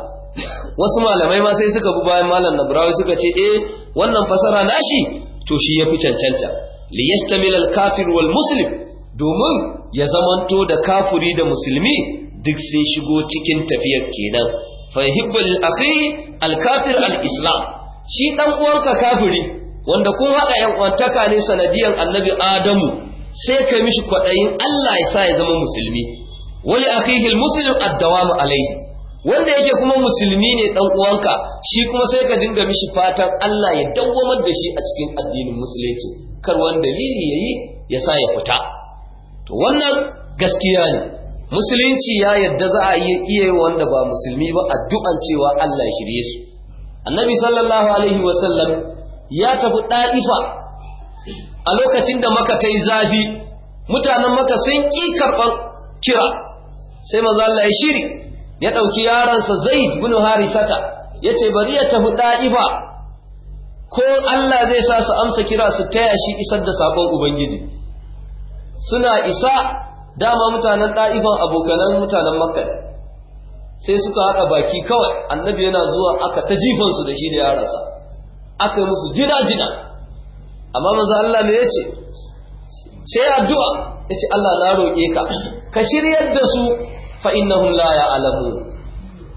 wasu malamai ma sai suka bi bayan malam nabrawi suka ce eh wannan fasara nashi to shi yafi cancanta li yastamil al kafir wal muslim domin ya zamanto da kafuri da musulmi duk sun shigo cikin tafiyar kenan fa yuhibbul akhi al kafir al islam shi dan uwanka kafiri wanda kun haɗa ‘yan kwantaka ne sanadiyan annabi Adamu sai ka mishi kwaɗayin Allah ya sa ya zama musulmi, wali akhihil addawa addawamu alaihi wanda yake kuma musulmi ne ɗan uwanka shi kuma sai ka dinga mishi fatan Allah ya dawwamar da shi a cikin addinin musulunci kar wani dalili ya yi ya sa ya fita. To wannan gaskiya ne, musulunci ya yadda za a iya iya wanda ba musulmi ba addu'an cewa Allah ya shirye su. Annabi sallallahu alaihi wa sallam ya tafi ɗa'ifa a lokacin da maka ta yi zafi mutanen maka sun ƙi karɓar kira sai manzo Allah ya shiri ya ɗauki yaransa zai bin harisata ya ce bari ya tafi ɗa'ifa ko Allah zai sa su amsa kira su taya shi isar da sabon ubangiji suna isa dama mutanen ɗa'ifan abokanan mutanen maka. sai suka haɗa baki kawai annabi yana zuwa aka ta jifansu da shi da yaransa aka musu jina-jina amma manzo Allah me yace sai addu'a yace Allah na roƙe ka ka shiryar da su fa innahum la ya'lamu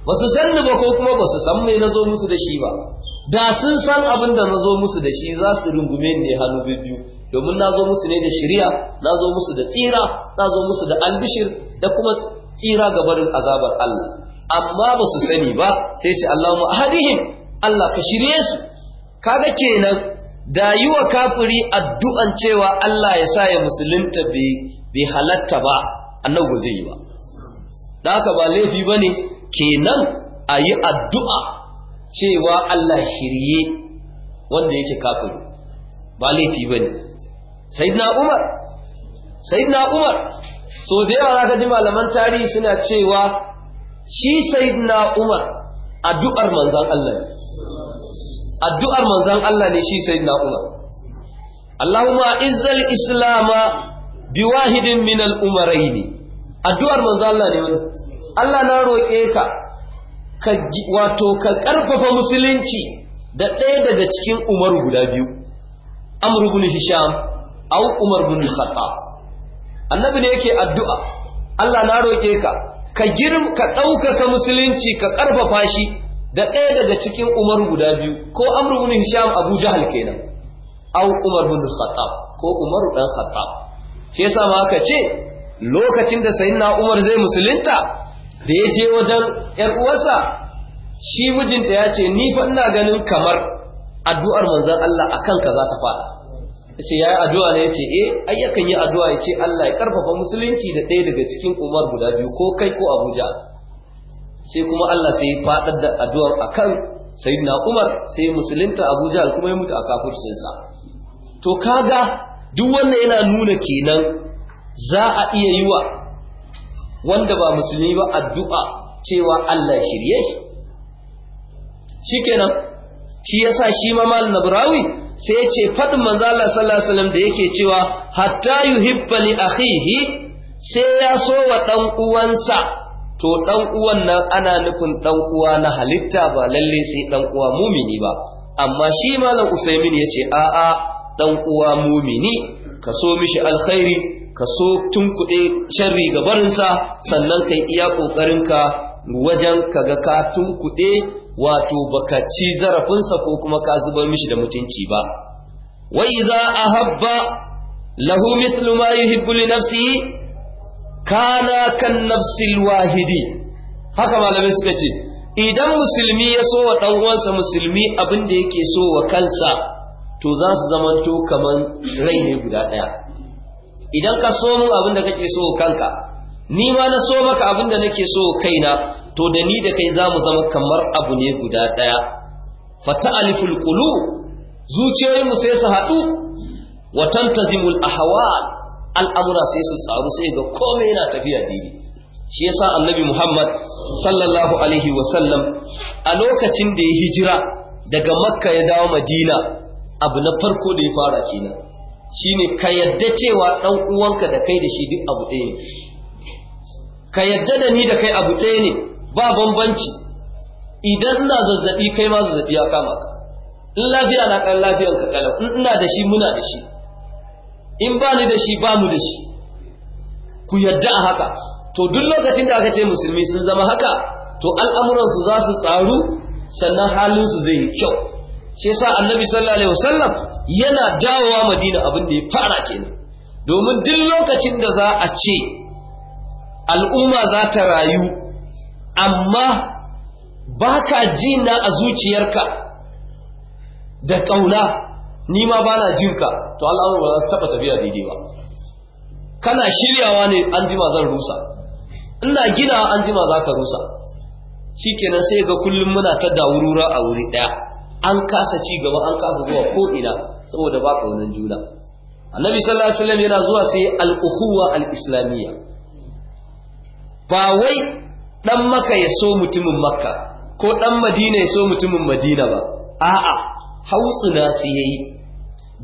ba su san ba ko kuma ba su san me nazo musu da shi ba da sun san abin da nazo musu da shi za su rungume ni hannu biyu domin nazo musu ne da shiriya nazo musu da tsira nazo musu da albishir da kuma tsira ga barin azabar Allah amma ba su sani ba sai ce Allahumma ahadihim Allah ka shirye su kaga kenan da yi wa kafiri addu'an cewa Allah ya sa ya musulunta bai halatta ba annabi ba zai yi ba da haka ba laifi ba ne kenan a yi addu'a cewa Allah shirye wanda yake kafiri ba laifi ba ne sayidina umar sayidina umar so da yawa za ka ji malaman tarihi suna cewa shi sayidina umar addu'ar manzan Allah ne addu'ar manzan Allah ne shi sai na umar Allahumma izzal islama bi wahidin min umarai ne. addu'ar manzan Allah ne wani Allah na roƙe ka wato ka ƙarfafa musulunci da ɗaya daga cikin umaru guda biyu amr ibn hisham au umar ibn khattab annabi ne yake addu'a Allah na roƙe ka ka girm ka ɗaukaka musulunci ka ƙarfafa shi da ɗaya daga cikin umar guda biyu ko amru bin hisham abu jahal kenan au umar bin khattab ko umar dan khattab shi yasa ma aka ce lokacin da sayyidina umar zai musulunta da ya je wajen yar uwarsa shi mijinta ya ce ni fa ina ganin kamar addu'ar manzon Allah akan ka za ta fada yace yayi addu'a ne yace eh e, yakan yi addu'a ce Allah ya karfafa musulunci da ɗaya daga cikin umar guda biyu ko kai ko abuja sai kuma Allah sai ya fadar da addu'ar akan sayyidina Umar sai musulunta Abuja Jahl kuma ya mutu a kafircin sa to kaga duk wannan yana nuna kenan za a iya yi wa wanda ba musulmi ba addu'a cewa Allah shirye shi shikenan shi yasa shi ma mal nabrawi sai ya ce fadin manzo Allah sallallahu alaihi wasallam da yake cewa hatta yuhibba li akhihi sai ya so wa dan uwansa to dan uwan nan ana nufin dan uwa na halitta ba lalle sai dan uwa mumini ba amma shi malam usaimin yace a a dan uwa mumini ka so mishi alkhairi ka so tunkuɗe sharri ga barinsa sannan kai iya ƙoƙarinka wajen kaga ka tunkuɗe wato baka ci zarafinsa ko kuma ka zuba mishi da mutunci ba wa idza ahabba lahu mithlu ma yuhibbu li nafsihi kana kan nafsil wahidi haka malamai suka ce idan musulmi ya so wa dan uwansa musulmi abin da yake so wa kansa to za su zamanto kaman rai ne guda daya idan ka so mun abin da kake so wa kanka ni ma na so maka abin da nake so kaina to da ni da kai za mu zama kamar abu ne guda daya fata aliful zuciyoyin zuciyoyinmu sai su haɗu wa tantazimul ahwal al'amura sai su tsaru sai ga komai yana tafiya daidai shi yasa annabi Muhammad sallallahu alaihi wasallam a lokacin da ya hijira daga makka ya dawo madina abu na farko da ya fara kenan shine ka yadda cewa ɗan uwanka da kai da shi duk abu ɗaya ne ka yadda da ni da kai abu ɗaya ne ba bambanci idan ina zazzaɓi, kai ma zazzaɓi ya kama ka in lafiya na ƙan lafiyan ka kalau in ina da shi muna da shi in ba ni da shi ba mu da shi ku yadda a haka to duk lokacin da aka ce musulmi sun zama haka to al'amuransu za su tsaru sannan halinsu zai yi kyau shi yasa annabi sallallahu alaihi wasallam yana dawowa madina abin da ya fara kenan domin duk lokacin da za a ce al'umma za ta rayu amma ba ka ji na a zuciyarka da ƙauna ni ma ba na jinka to al'amur ba za su taba tafiya daidai ba kana shiryawa ne an jima zan rusa ina gina an jima za ka rusa shi kenan sai ga kullum muna ta dawurura a wuri ɗaya an kasa ci gaba an kasa zuwa ko'ina saboda ba ƙaunar juna annabi sallallahu alaihi wasallam yana zuwa sai al islamiyya ba wai ɗan maka ya so mutumin makka ko ɗan madina ya so mutumin madina ba a'a na su yayi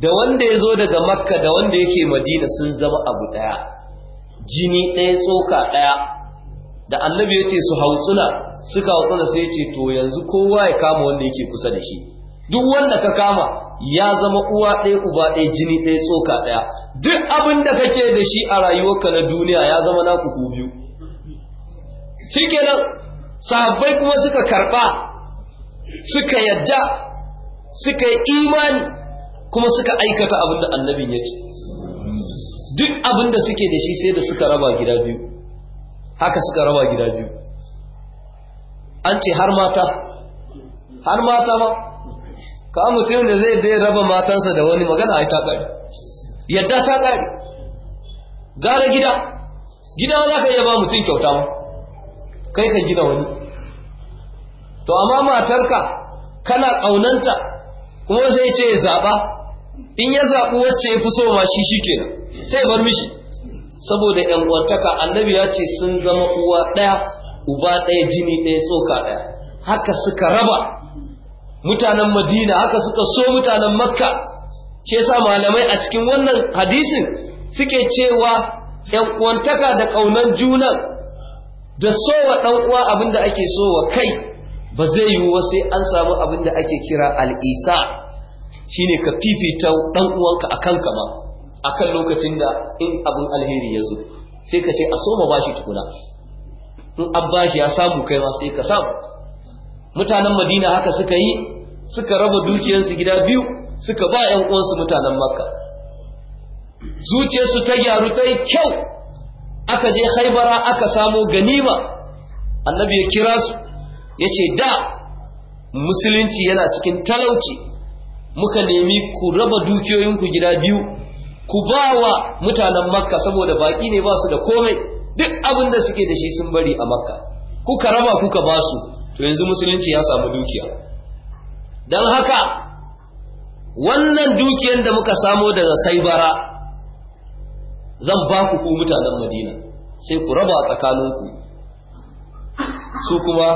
da wanda ya zo daga makka da wanda yake madina sun zama abu ɗaya jini ɗaya tsoka ɗaya da annabi ya ce su hautsina suka hautsina sai ce to yanzu kowa ya kama wanda yake kusa da shi duk wanda ka kama ya zama uwa ɗaya uba ɗaya jini ɗaya tsoka ɗaya duk abin da kake da shi a rayuwarka na duniya ya zama naku ku biyu shikenan sahabbai kuma suka karɓa suka yadda suka yi imani kuma suka aikata abin da annabin ya ce duk abin da suke da shi sai da suka raba gida biyu haka suka raba gida biyu an ce har mata har mata ma ka mutum da zai dai raba matansa da wani magana a yi ƙari yadda ta gara gida gida za ka iya ba mutum kyauta ma kai ka gina wani to amma matarka kana ƙaunanta kuma zai ce ya zaɓa in ya zaɓi wacce ya fi so ma shi shikenan sai bar mishi saboda ‘yan uwantaka annabi ya ce sun zama uwa ɗaya uba ɗaya jini ɗaya tsoka ɗaya haka suka raba mutanen madina haka suka so mutanen makka Ke sa malamai a cikin wannan hadisin suke cewa ‘yan uwantaka da ƙaunar junan da sowa ɗan uwa abin da ake sowa kai ba zai yiwu sai an samu abin da ake kira al'isa Shi ne ka fifita dan uwanka akan ka ba kan lokacin da in abin alheri ya zo sai ka ce a soma bashi tukuna in an shi ya samu kai ma sai ka samu mutanen madina haka suka yi suka raba dukiyarsu gida biyu suka ba yan uwansu mutanen makka zuciyarsu ta gyaru ta yi kyau aka je haibara aka samo ganima annabi ya kira su ya ce da musulunci yana cikin talauci muka nemi ku raba dukiyoyinku gida biyu ku ba wa mutanen makka saboda baƙi ne ba su da komai duk abin da suke da shi sun bari a makka kuka raba kuka ba su to yanzu musulunci ya samu dukiya don haka wannan dukiyar da muka samo daga saibara zan ba ku ku mutanen madina sai ku raba tsakaninku su kuma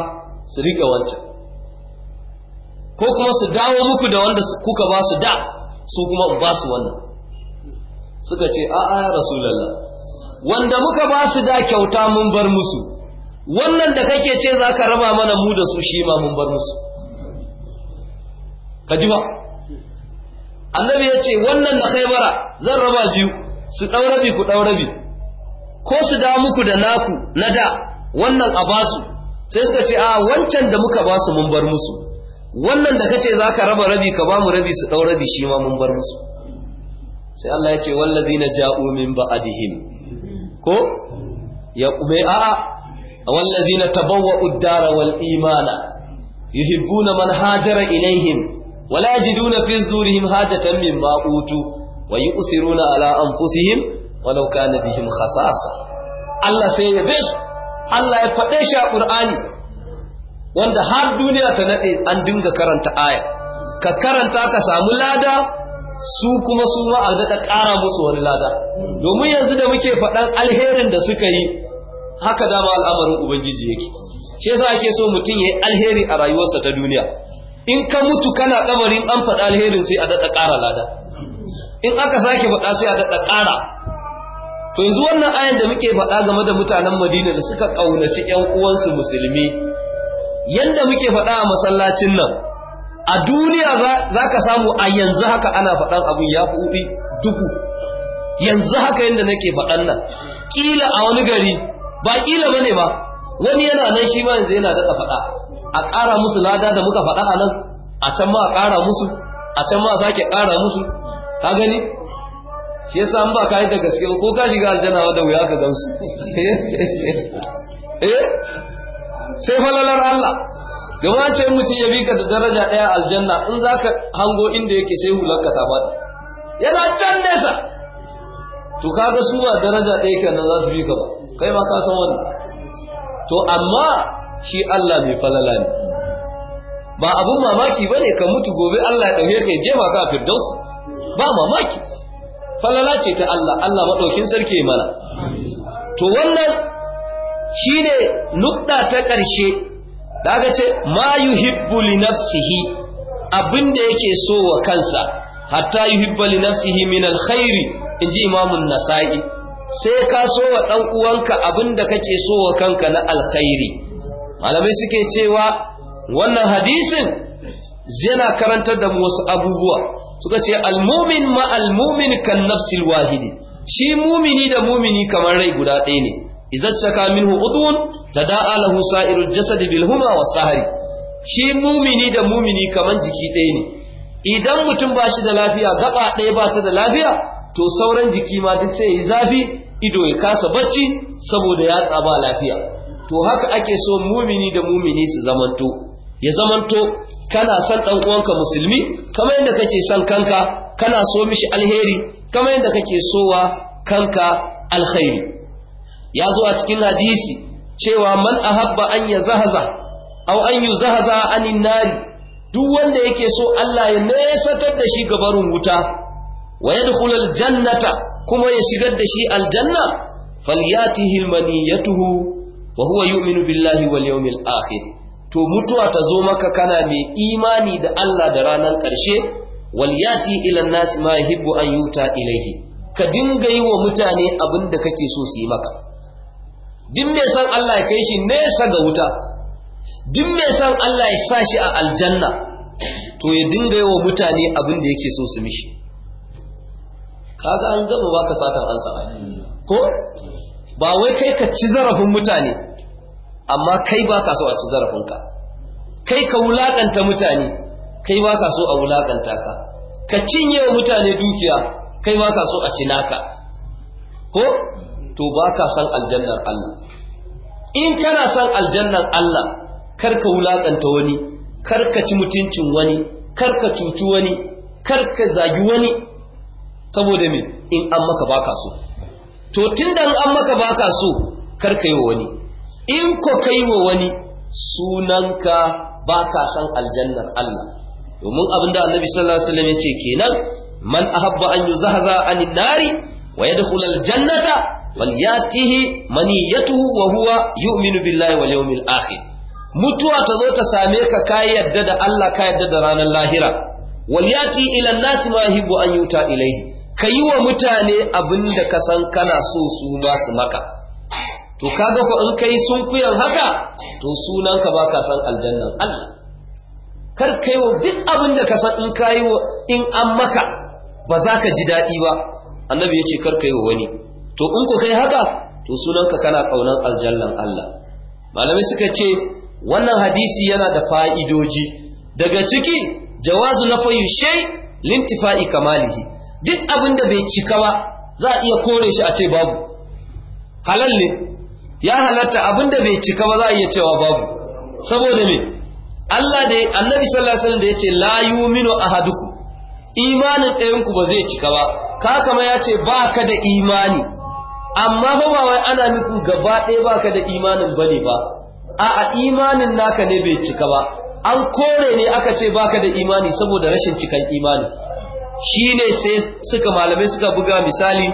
su riƙe wancan ko kuma su dawo muku da wanda kuka ba su da su kuma ba su wannan suka ce a a rasulallah wanda muka ba su da kyauta mun bar musu wannan da kake ce za ka raba mana mu da su shi ma mun bar musu ka ji ba annabi ya ce wannan na bara zan raba biyu su ɗau bi ku ɗau bi. ko su da muku da naku na da wannan a basu sai suka ce a wancan da muka ba su mun bar musu wannan da kace zaka raba rabi ka ba mu rabi su dau rabi shi ma mun bar musu sai Allah ya ce wallazina ja'u min ba'dihim ko ya kuma a'a wallazina tabawwa'u ad-dara wal imana yuhibbuna man hajara ilaihim ولا يجدون في صدورهم حاجة مما أوتوا ويؤثرون على أنفسهم ولو كان بهم خصاصة الله سيبس الله يفتش القرآن wanda har duniya ta nade an dinga karanta aya ka karanta ka samu lada su kuma su ma a daɗa ƙara musu wani lada domin yanzu da muke faɗan alherin da suka yi haka dama al'amarin ubangiji yake shi yasa ake so mutum ya yi alheri a rayuwarsa ta duniya in ka mutu kana kamarin an faɗa alherin sai a daɗa ƙara lada in aka sake faɗa sai a daɗa ƙara to yanzu wannan ayan da muke faɗa game da mutanen madina da suka ƙaunaci ƴan uwansu musulmi yanda muke faɗa a masallacin nan a duniya za ka samu a yanzu haka ana faɗan abin ya fi duku, yanzu haka yadda nake faɗan nan ƙila a wani gari ba ƙila ba ne ba wani yana nan shi ma yanzu yana daɗa faɗa a ƙara musu lada da muka faɗa a nan a can ma a ƙara musu a can ma a sake ƙara musu ka gani shi yasa an ba ka yi da gaske ko ka shiga aljanna da wuya ka gansu eh, eh? sai falalar Allah gama ce mutum ya ka da daraja ɗaya aljanna in za ka hango inda yake sai hulanka ta faɗi yana can nesa to kaga su ba daraja ɗaya ka nan za su ka ba kai ma ka san wannan to amma shi Allah mai falala ne ba abun mamaki bane ka mutu gobe Allah ya ɗauke ka ya jefa ka a firdaus ba mamaki falala ce ta Allah Allah maɗaukin sarki mana to wannan Shi ne nukta ta ƙarshe da aka ce ma hibbu li nafsihi abinda yake so wa kansa hatta yi li nafsihi min alkhairi inji imamun nasa'i sai ka so wa dan uwanka abinda kake so wa kanka na alkhairi malamai suke cewa wannan hadisin yana karantar da wasu abubuwa suka ce almumin ma almumin kan nafsil wahidi shi mumini da mumini kamar rai guda ɗaya ne idza shaka minhu udwun tada'a lahu sa'irul jasadi bil huma was sahari shi mumini da mumini kaman jiki ɗaya ne idan mutum ba shi da lafiya gaba ɗaya ba ta da lafiya to sauran jiki ma duk sai ya zafi ido ya kasa bacci saboda ya tsaba lafiya to haka ake so mumini da mumini su zamanto ya zamanto kana san ɗan uwanka musulmi kamar yadda kake son kanka kana so mishi alheri kamar yadda kake sowa kanka alkhairi ya zo a cikin hadisi cewa man ahabba an ya zahaza aw an yu zahaza anin nari duk wanda yake so Allah ya nesatar da shi gabarin wuta wa yadkhulul jannata kuma ya shigar da shi aljanna falyatihi almaniyatuhu wa huwa yu'minu billahi wal yawmil akhir to mutuwa ta zo maka kana mai imani da Allah da ranar ƙarshe walyati ilan nasi ma yahibbu an yuta ilaihi ka dinga yi wa mutane abin da kake so su yi maka duk mai san Allah ya kai shi nesa ga wuta duk mai san Allah ya sa shi a aljanna to ya dinga yi wa mutane abin da yake so su mishi kaga an gama ka satan ansa ko ba wai kai ka ci zarafin mutane amma kai ba ka so a ci zarafinka kai ka wulakanta mutane kai ba ka so a wulakanta ka ka cinye wa mutane dukiya kai ba ka so a cinaka ko to ba ka san aljannar Allah in kana san aljannar Allah karka ka wulakanta wani kar ci mutuncin wani kar ka cuci wani kar zagi wani saboda me in an maka baka so to tunda in an maka baka so kar yi wa wani in ko kai wa wani sunanka baka san aljannar Allah domin abinda Annabi sallallahu alaihi wasallam ce kenan man ahabba an yuzahza anin nari wa yadkhul jannata? falyatihi maniyatuhu wa huwa yu'minu billahi wal yawmil akhir mutuwa ta zo ta same ka ka yadda da Allah ka yadda da ranar lahira walyati ila an-nasi ma yuhibbu an yuta ilayhi kayi wa mutane abinda ka san kana so su ma maka to kaga ko in kai sunkuyan haka to sunanka ba ka san aljannan Allah kar kai wa duk abin da ka san in an maka ba za ka ji daɗi ba annabi ya ce kar kai wa wani to in ku kai haka to sunanka kana kaunan aljallan Allah malamai suka ce wannan hadisi yana da fa'idoji daga ciki jawazu na fayu shay lintifa'i kamalihi duk abin da bai cika ba za a iya kore shi a ce babu halal ya halatta abin da bai cika ba za a iya cewa babu saboda me Allah da annabi sallallahu alaihi wasallam da yace la yu'minu ahadukum imanin ɗayanku ba zai cika ba ka kama ya ce ba ka da imani amma ba ba wai ana nufin gaba ɗaya baka da imanin ne ba a'a imanin naka ne bai cika ba an kore ne aka ce baka da imani saboda rashin cikan imani Shi ne sai suka malamai suka buga misali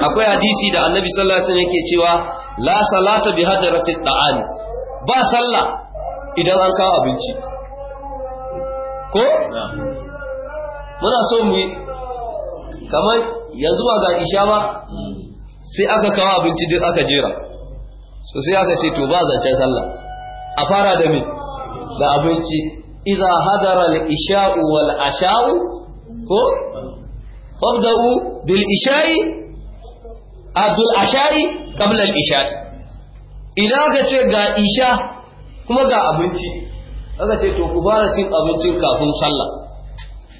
akwai hadisi da annabi sallallahu alaihi ke cewa la salata bi hadrati ba sallah idan an kawo abinci ko muna so mu kamar yanzu ba ga isha ba sai aka kawo abinci duk aka jera so sai aka ce to ba zancen sallah a fara da me da abinci idza hadara al-isha'u wal asha'u ko fabda'u bil isha'i abdul asha'i qabla al-isha'i idan aka ce ga isha kuma ga abinci aka ce to ku fara cin abincin kafin sallah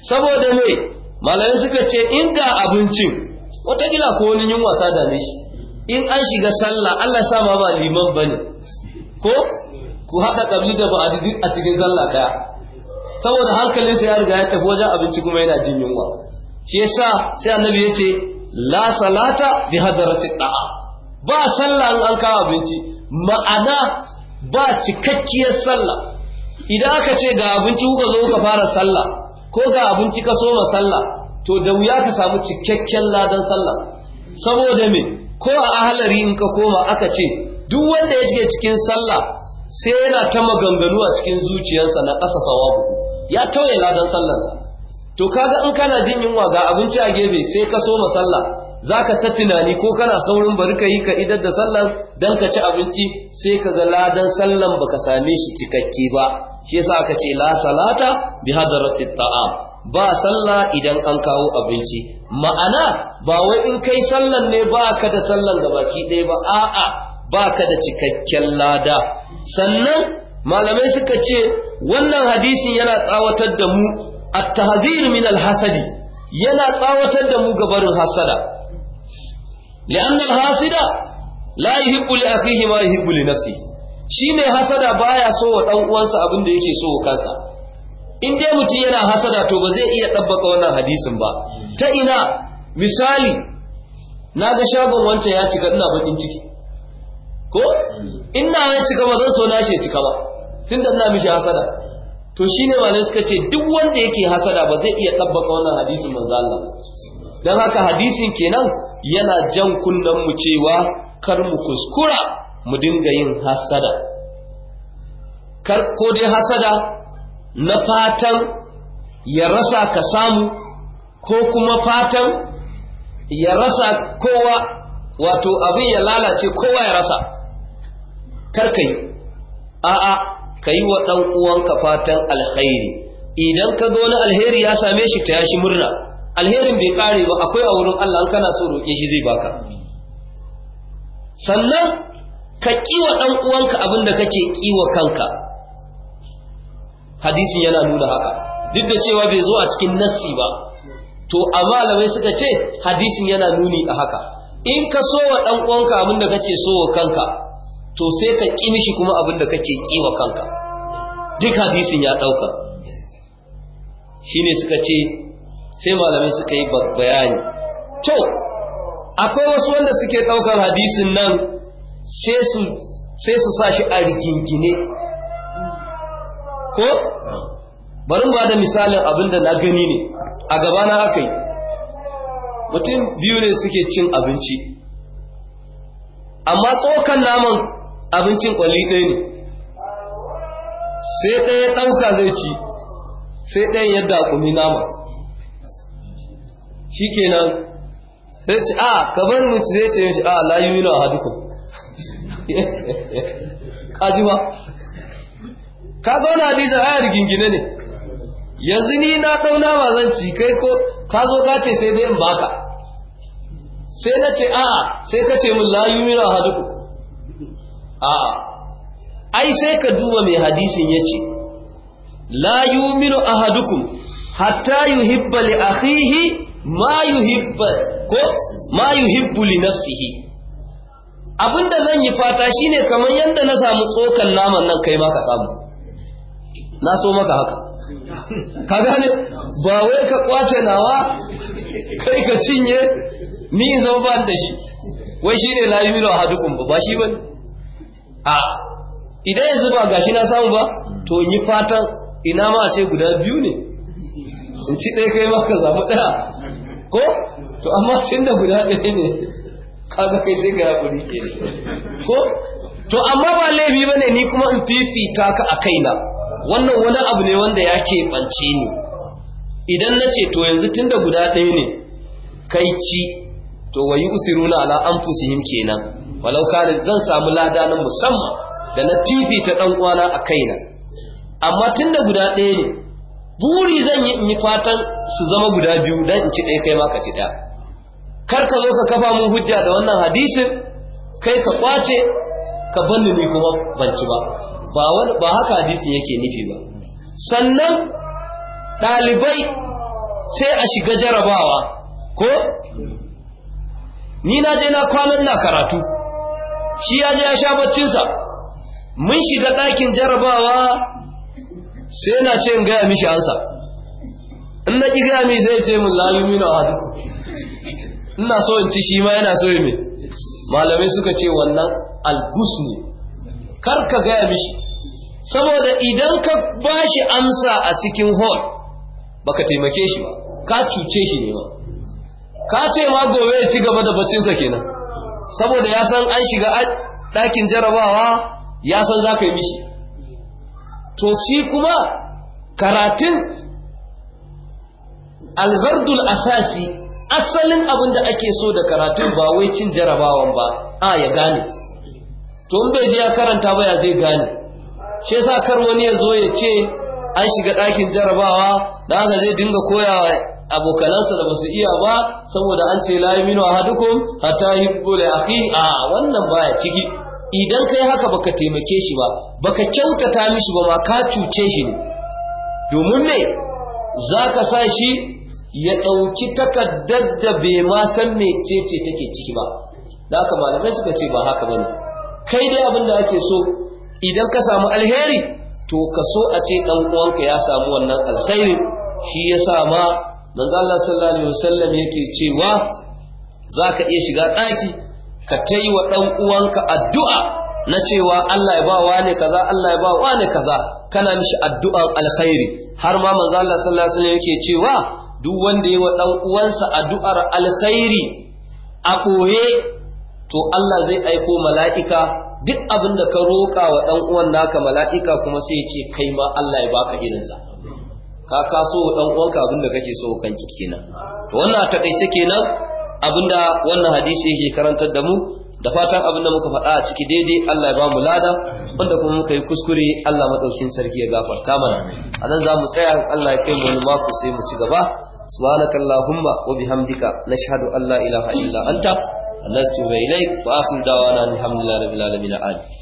saboda me malamai suka ce in ga abincin wataƙila ko wani yunwa ta dame shi in an shiga sallah Allah sa ma ba liman bane ko ku haɗa ƙabli da ba a cikin sallah ɗaya saboda hankalinsa ya riga ya tafi wajen abinci kuma yana jin yunwa shi yasa sai annabi ya ce la salata bi hadratit da'a ba sallah an kawo abinci ma'ana ba cikakkiyar sallah idan aka ce ga abinci kuka zo kuka fara sallah ko ga abinci ka soma sallah to da wuya ka samu cikakken ladan sallah saboda me ko a ahalari in ka koma aka ce duk wanda ya je cikin sallah sai yana ta maganganu a cikin zuciyarsa na ƙasa sawabu ya tauye ladan sallarsa to kaga in kana jin yunwa ga abinci a gefe sai ka soma sallah zaka ta tunani ko kana saurin bari ka yi ka idar da sallar dan ka ci abinci sai ka ga ladan sallan baka same shi cikakke ba shi yasa aka ce la salata bi hadratit ta'am ba sallah idan an kawo abinci ma'ana ba wai in kai sallan ne ba ka da sallan baki ɗaya ba a'a ba ka da cikakken lada sannan malamai suka ce wannan hadisin yana tsawatar da mu a tahzir min alhasadi yana tsawatar da mu gabarin hasada li'anna al-hasida la yuhibbu li akhihi ma yuhibbu li nafsihi shine hasada baya so wa dan uwansa abin da yake so kansa in dai mutum yana hasada to ba zai iya ɗabbaka wannan hadisin ba ta ina misali na ga shagon wancan ya cika ina bakin ciki ko ina ya cika ba zan so na shi cika ba tun da ina mishi hasada to shine malai suka ce duk wanda yake hasada ba zai iya ɗabbaka wannan hadisin manzo Allah dan haka hadisin kenan yana jan kunnen mu cewa kar mu kuskura mu dinga yin hasada kar ko dai hasada na fatan ya rasa ka samu ko kuma fatan ya rasa kowa wato abin ya lalace kowa ya rasa karkai a'a ka yi wa ɗan uwanka fatan alkhairi idan ka zo na alheri ya same shi ta yashi murna alherin bai kare ba akwai a wurin Allah kana so roƙe shi zai baka sannan ka kiwa ɗan uwanka abin da kake kiwa kanka hadisin yana nuna haka duk da cewa bai zo a cikin nassi ba to a malamai suka ce hadisin yana nuni a haka in ka so wa dan uwanka abin da kake so wa kanka to sai ka ƙi mishi kuma abin da kake ƙi wa kanka duk hadisin ya ɗauka shine suka ce sai malamai suka yi bayani to akwai wasu wanda suke ɗaukar hadisin nan sai su sa shi a rigingine ko bari ba da misalin abinda na gani ne a gaba na aka yi mutum biyu ne suke cin abinci amma tsokan naman abincin kwalli ɗaya ne sai ɗaya ɗauka zai ci sai ɗaya yadda kumi nama shi kenan sai ci a ah, kabar mutu zai ce mishi a ah, layu na hadukun ƙaji ba ka ga wani hadisin ayar rigingine ne yanzu ni na ɗau nama zan ci kai ko ka zo ka ce sai dai in baka sai na ce a sai ka ce min la yumina haduku a ai sai ka duba mai hadisin ya ce la yuminu ahadukum hatta yuhibba li akhihi ma yuhibba ko ma yuhibbu li nafsihi abinda zan yi fata shine kamar yadda na samu tsokan naman nan kai ma ka samu na so maka haka ka gane ba wai ka kwace nawa kai ka cinye ni in zama ba da shi wai shi ne layu milo hadukun ba ba shi ba a idan yanzu ba gashi na samu ba to yi fatan ina ma ce guda biyu ne in ci ɗaya kai maka zamu ɗaya ko to amma tun da guda ɗaya ne kaga kai sai ga hakuri ke ko to amma ba laifi ne ni kuma in fifita ka a kaina wannan wani abu ne wanda ya keɓance ni idan na ce to yanzu tun da guda ɗaya ne kai ci to wayi usiruna ala anfusihim kenan walau kare zan samu lada na musamman da na tifi ta ɗan uwana a kaina amma tun da guda ɗaya ne buri zan yi fatan su zama guda biyu dan in ci ɗaya kai ma ka ci ɗaya kar ka zo ka kafa mun hujja da wannan hadisin kai ka kwace ka banni ni kuma ban ci ba ba haka hadisin yake nufi ba sannan ɗalibai sai a shiga jarabawa ko ni na je na kwanan na karatu shi ya je ya sha baccinsa mun shiga ɗakin jarabawa sai na ce in gaya mishi ansa in na ƙi gaya mishi zai ce mun lalumi na a haɗu ina so in ci shi ma yana so yi mai malamai suka ce wannan albus ne kar ka gaya mishi saboda idan ka ba shi amsa a cikin hall ba ka taimake shi ba ka cuce shi ne ba ka ce ma gobe ya ci gaba da baccinsa kenan saboda ya san an shiga ɗakin jarabawa ya san za ka yi mishi to ci kuma karatun algardul asasi asalin abin da ake so da karatun ba wai cin jarabawan ba a ya gane to bai je ya karanta ba ya zai gane shi yasa kar wani ya zo ya ce an shiga ɗakin jarabawa da aka zai dinga koyawa abokanansa da basu iya ba saboda an ce la yaminu ahadukum hatta yuhibbu li akhi a wannan baya ciki idan kai haka baka taimake shi ba baka kyautata mishi ba ma ka cuce shi ne domin me zaka sa shi ya dauki takardar da bai ma san mecece take ciki ba da haka malamai suka ce ba haka bane kai dai abin da ake so idan ka samu alheri to ka so a ce dan uwanka ya samu wannan alheri shi ya sa ma manzo Allah sallallahu alaihi wasallam yake cewa zaka iya shiga daki ka tai wa dan uwanka addu'a na cewa Allah ya ba wani kaza Allah ya ba wani kaza kana mishi addu'an alkhairi har ma manzo Allah sallallahu alaihi wasallam yake cewa duk wanda yayi wa dan uwansa addu'ar alkhairi a koye to Allah zai aiko mala'ika duk abin da ka roƙa wa ɗan uwan naka mala'ika kuma sai ya ce kai ma Allah ya baka irinsa ka kaso wa ɗan uwanka abin da kake so kanki kenan to wannan takaice kenan abin da wannan hadisi yake karantar da mu da fatan abin da muka faɗa a ciki daidai Allah ya ba mu lada wanda kuma muka yi kuskure Allah madaukin sarki ya gafarta mana a nan za mu tsaya Allah ya kai mu wani mako sai mu ci gaba subhanakallahumma wa bihamdika nashhadu an la ilaha illa anta annastu wa dawa na akhir da'wana alhamdulillahi rabbil na amin